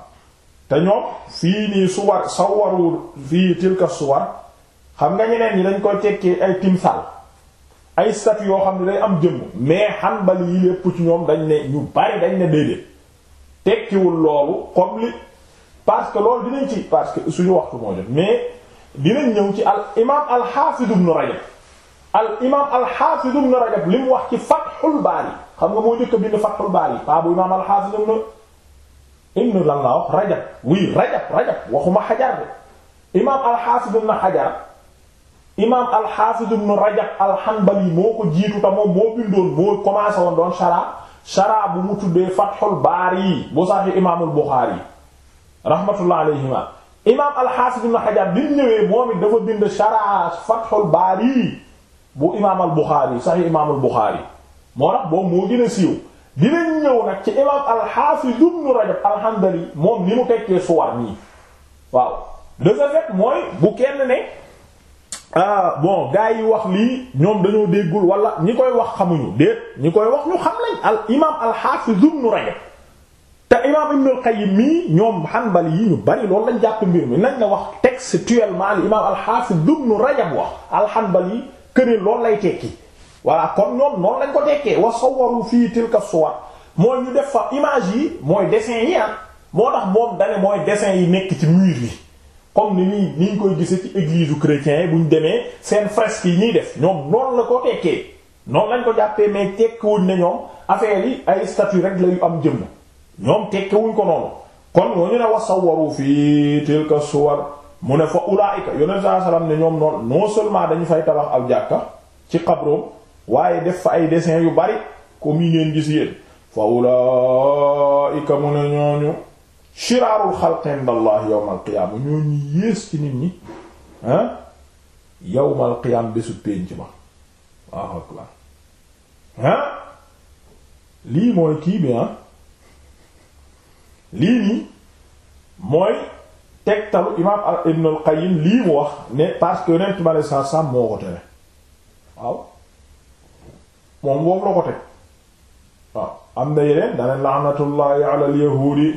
te ñoom fii nii suwar sawaru fii tilka suwar xam nga ñeneen ñi dañ koy tekkee ay timsal ay sat yoo xam ne day am jëmm mais xanbali yi lépp ci ñoom dañ ne ñu bari dañ ne déedéet tekkiwul loolu comme li parce que loolu dinañ ci parce que suñu waxtu moo jot mais dinañ ñëw ci al imaam al xaafid ibn rajab al imaam al xaafid ibn wax ci fathul baari xam nga moo njëkk a bind fathul baari paa bu imaam al xaafid ibn ibn lan la wax rajab oui rajab rajab waxuma xajar bi imaam al xaafid ibn xajar imaam al-Hafiz ibn Rajab al moo ko jiitu te moom moo bindoon moo commencé woon doon shara bu mu tuddee Fathul Bari bu Sahih imaamul Bukhari rahmatullah alayhima imaam al-Hafiz ibn Rajab ñëwee moom it dafa bind shara Fathul Bari bu imaam al-Bukhari Sahih imaamul moo tax boobu moo gën a siiw dinañ ñëw ci imaam al-Hafiz Rajab al-Hanbali ni mu tekkee suwar nii waaw de ce mooy bu kenn ne. ah bon gars yi wax lii ñoom dañoo déggul wala ñi koy wax xamuñu déet ñi koy wax ñu xam lañ al imaam al-Hafiz Ibn Rajab te imaam Ibn al-Qayyim mii ñoom yi ñu bari loolu lañ jàpp mbir mi nañ la wax textuellement al imaam al-Hafiz Ibn Rajab wax al-Hanbali yi que ne lay tekki. voilà kon ñoom noonu lañ ko tekkee wa sawwaru fii tilka suwar mooy ñu def fa image yi mooy dessin yi ah moo tax moom dañ mooy dessin yi nekk ci mur yi. comme ni ñuy ni ñu koy gisee ci église chrétien bu ñu demee seen fresque yi ñuy def ñoom noonu la koo tekkee noonu lañ ko jàppee mais tekkiwuñ ne ñoom affaire yi ay statue rek la am jëm ñoom tekkiwuñ ko noonu kon ñoo ñu ne wasawaru fii tilka suwar mu ne fa ulaayika yonent saa salaam ne ñoom noonu non seulement dañu fay tabax ab jàkka ci xabroom waaye def fa ay dessins yu bari comme yi ngeen gis yéen fa ulaayika mu ne ñooñu. shiraarul xalq indallah yawmal qiyaama ñoo ñu yées ci nit ñi ah yawmal qiyaam bésu pénc ba waaw akbar ah lii mooy kii bi ah lii nii mooy tegtalu imaam al ibn al qayyim lii mu wax ne parce que yonent bi alei sat selaam moo ko tere waaw moom boobu la ko am na yeneen dane laanatullahi ala al yahudi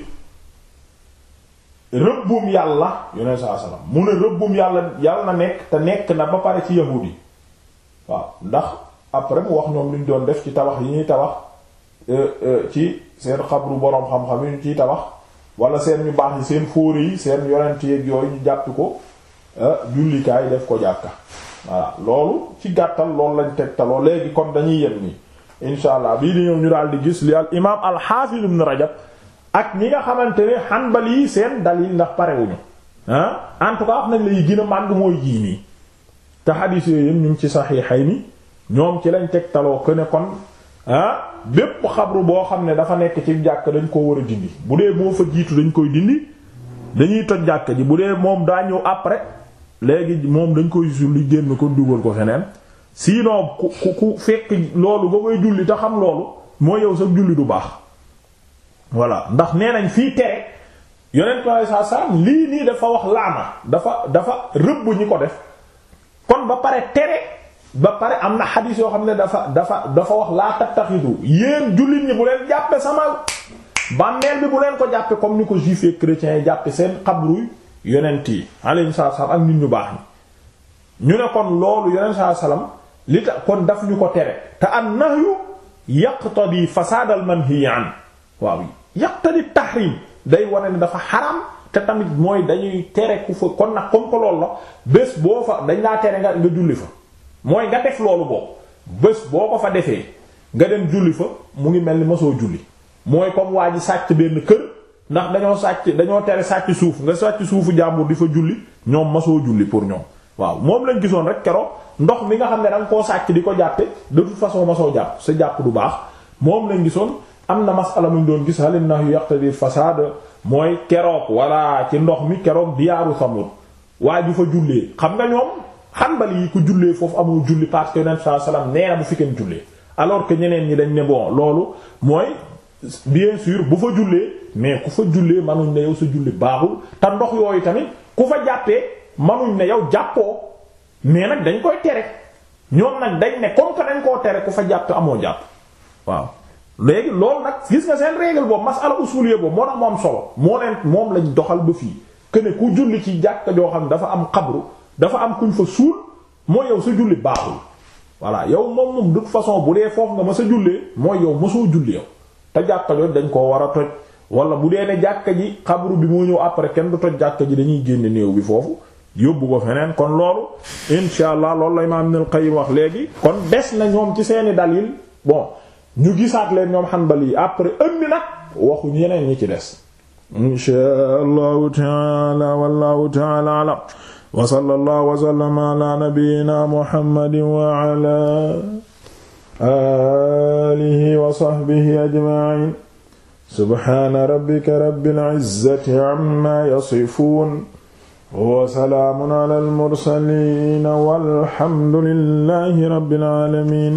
rëbbum yàlla yoneen saa salaam mu ne rëbbum yàlla yàlla na nekk te nekk na ba pare ci yahuud yi waaw ndax après mu wax ñoom lu ñu doon def ci tabax yi ñuy tabax euh, euh, ci seen xabru boroom xam-xam yi ñu ciy tabax wala seen ñu baax yi seen fóore yi seen yonent yeeg yooyu ñu jàpp ko euh, jullikaay def ko jàkka waaw loolu ci gàttal loolu lañ taloo léegi kon dañuy yem nii insha allah bii di ñëw ñu daal di gis li al imaam al xaafis ibn rajab ak ñi nga xamante ne hanbali yi seen dalil ndax parewuñu ah en tout cas nañ la yi gën a mooy jii nii te xadiis yooyu ñu ngi ci saxiixay ni ñoom ci lañ teg taloo ko ne kon ah bépp xabru boo xam ne dafa nekk ci jàkk dañ ko war a dindi bu dee moo fa jiitu dañ koy dindi dañuy toj jàkk ji bu dee moom daa ñëw après léegi moom dañ koy julli génn ko dugal ko feneen sinon ku ku fekk loolu ba koy julli te xam loolu moo yow sa julli du baax voilà ndax nee nañ fii tere yonent bi saa lii nii dafa wax laama dafa dafa rëbb ñi ko def kon ba pare tere ba pare am na xadiis yoo xam ne dafa dafa dafa wax laa tattaxidu yéen jullit ñi bu leen jàppe sama bàmmeel bi bu leen ko jàppee comme ni ko juif et chrétiens yi jàppe seen xabru yonent yi alayhi salaam ak nit ñu baax ñi ñu ne kon loolu yonent salaam li tax kon daf ñu ko tere te an nahyu yaqtadi fasaadal yaan waaw yaqtadi tahrim day wane ne dafa xaram te tamit mooy dañuy tere ku fa kon nag comme que loolu la bés boo fa dañ laa tere nga nga julli fa mooy nga def loolu boobu bés boo ko fa defee nga dem julli fa mu ngi mel ni mosoo julli mooy comme waa ji sàcc benn kër ndax dañoo sàcc dañoo tere sàcc suuf nga sàcc suufu jàmbur di fa julli ñoom mosoo julli pour ñoom waaw moom lañ gisoon rek keroog ndox mi nga xam ne da koo sàcc di ko jàppe de toute façon mosoo jàpp sa jàpp du baax moom lañ gisoon. am na masala muñ doon gis halin nahu yaqtadi fasaad mooy keroog walla ci ndox mi keroog diyaaru samut waa ju fa jullee xam nga ñoom xanbali yi ku jullee foofu amul julli parce que yonent saa salaam nee na bu fi kenn jullee alors que ñeneen ñi dañ ne bon loolu mooy bien sûr bu fa jullee mais ku fa jullee manuñ ne yow sa julli baaxul te ndox yooyu tamit ku fa jàppee manuñ ne yow jàppoo mais nag dañ koy tere ñoom nag dañ ne comme que dañ koo tere ku fa jàpp amoo jàpp léegi loolu nag gis nga seen règle boobu masala usuliyya boobu moo tax mu am solo moo leen moom lañ doxal ba fii que ku julli ci jàkka joo xam ne dafa am xabru dafa am kuñ fa suul mooy yow sa julli baaxul voilà yow moom moom de façon bu dee foofu nga ma sa jullee mooy yow mosoo julli yow te jàkka joo dañ koo war a toj wala bu dee ne jàkka ji xabru bi moo ñëw après kenn du toj jàkka ji dañuy génn néew bi foofu yóbbu ko feneen kon loolu insha allah loolu la imaam Ibnul Qayyim wax léegi kon des na ñoom ci seeni dalil bon ñu gisaat leen ñoom xanbal yi après ëndi nag waxu ñeneen ñi ci des inshaa allahu taala wallahu taala alam wa sallallahu wa sallama ala nabiyyina muhammadin wa ala alihi wa sahbihi ajma'in subhana rabbika rabbil izzati amma yasifun wa salaamun ala al mursalin walhamdulillahi rabbil alamin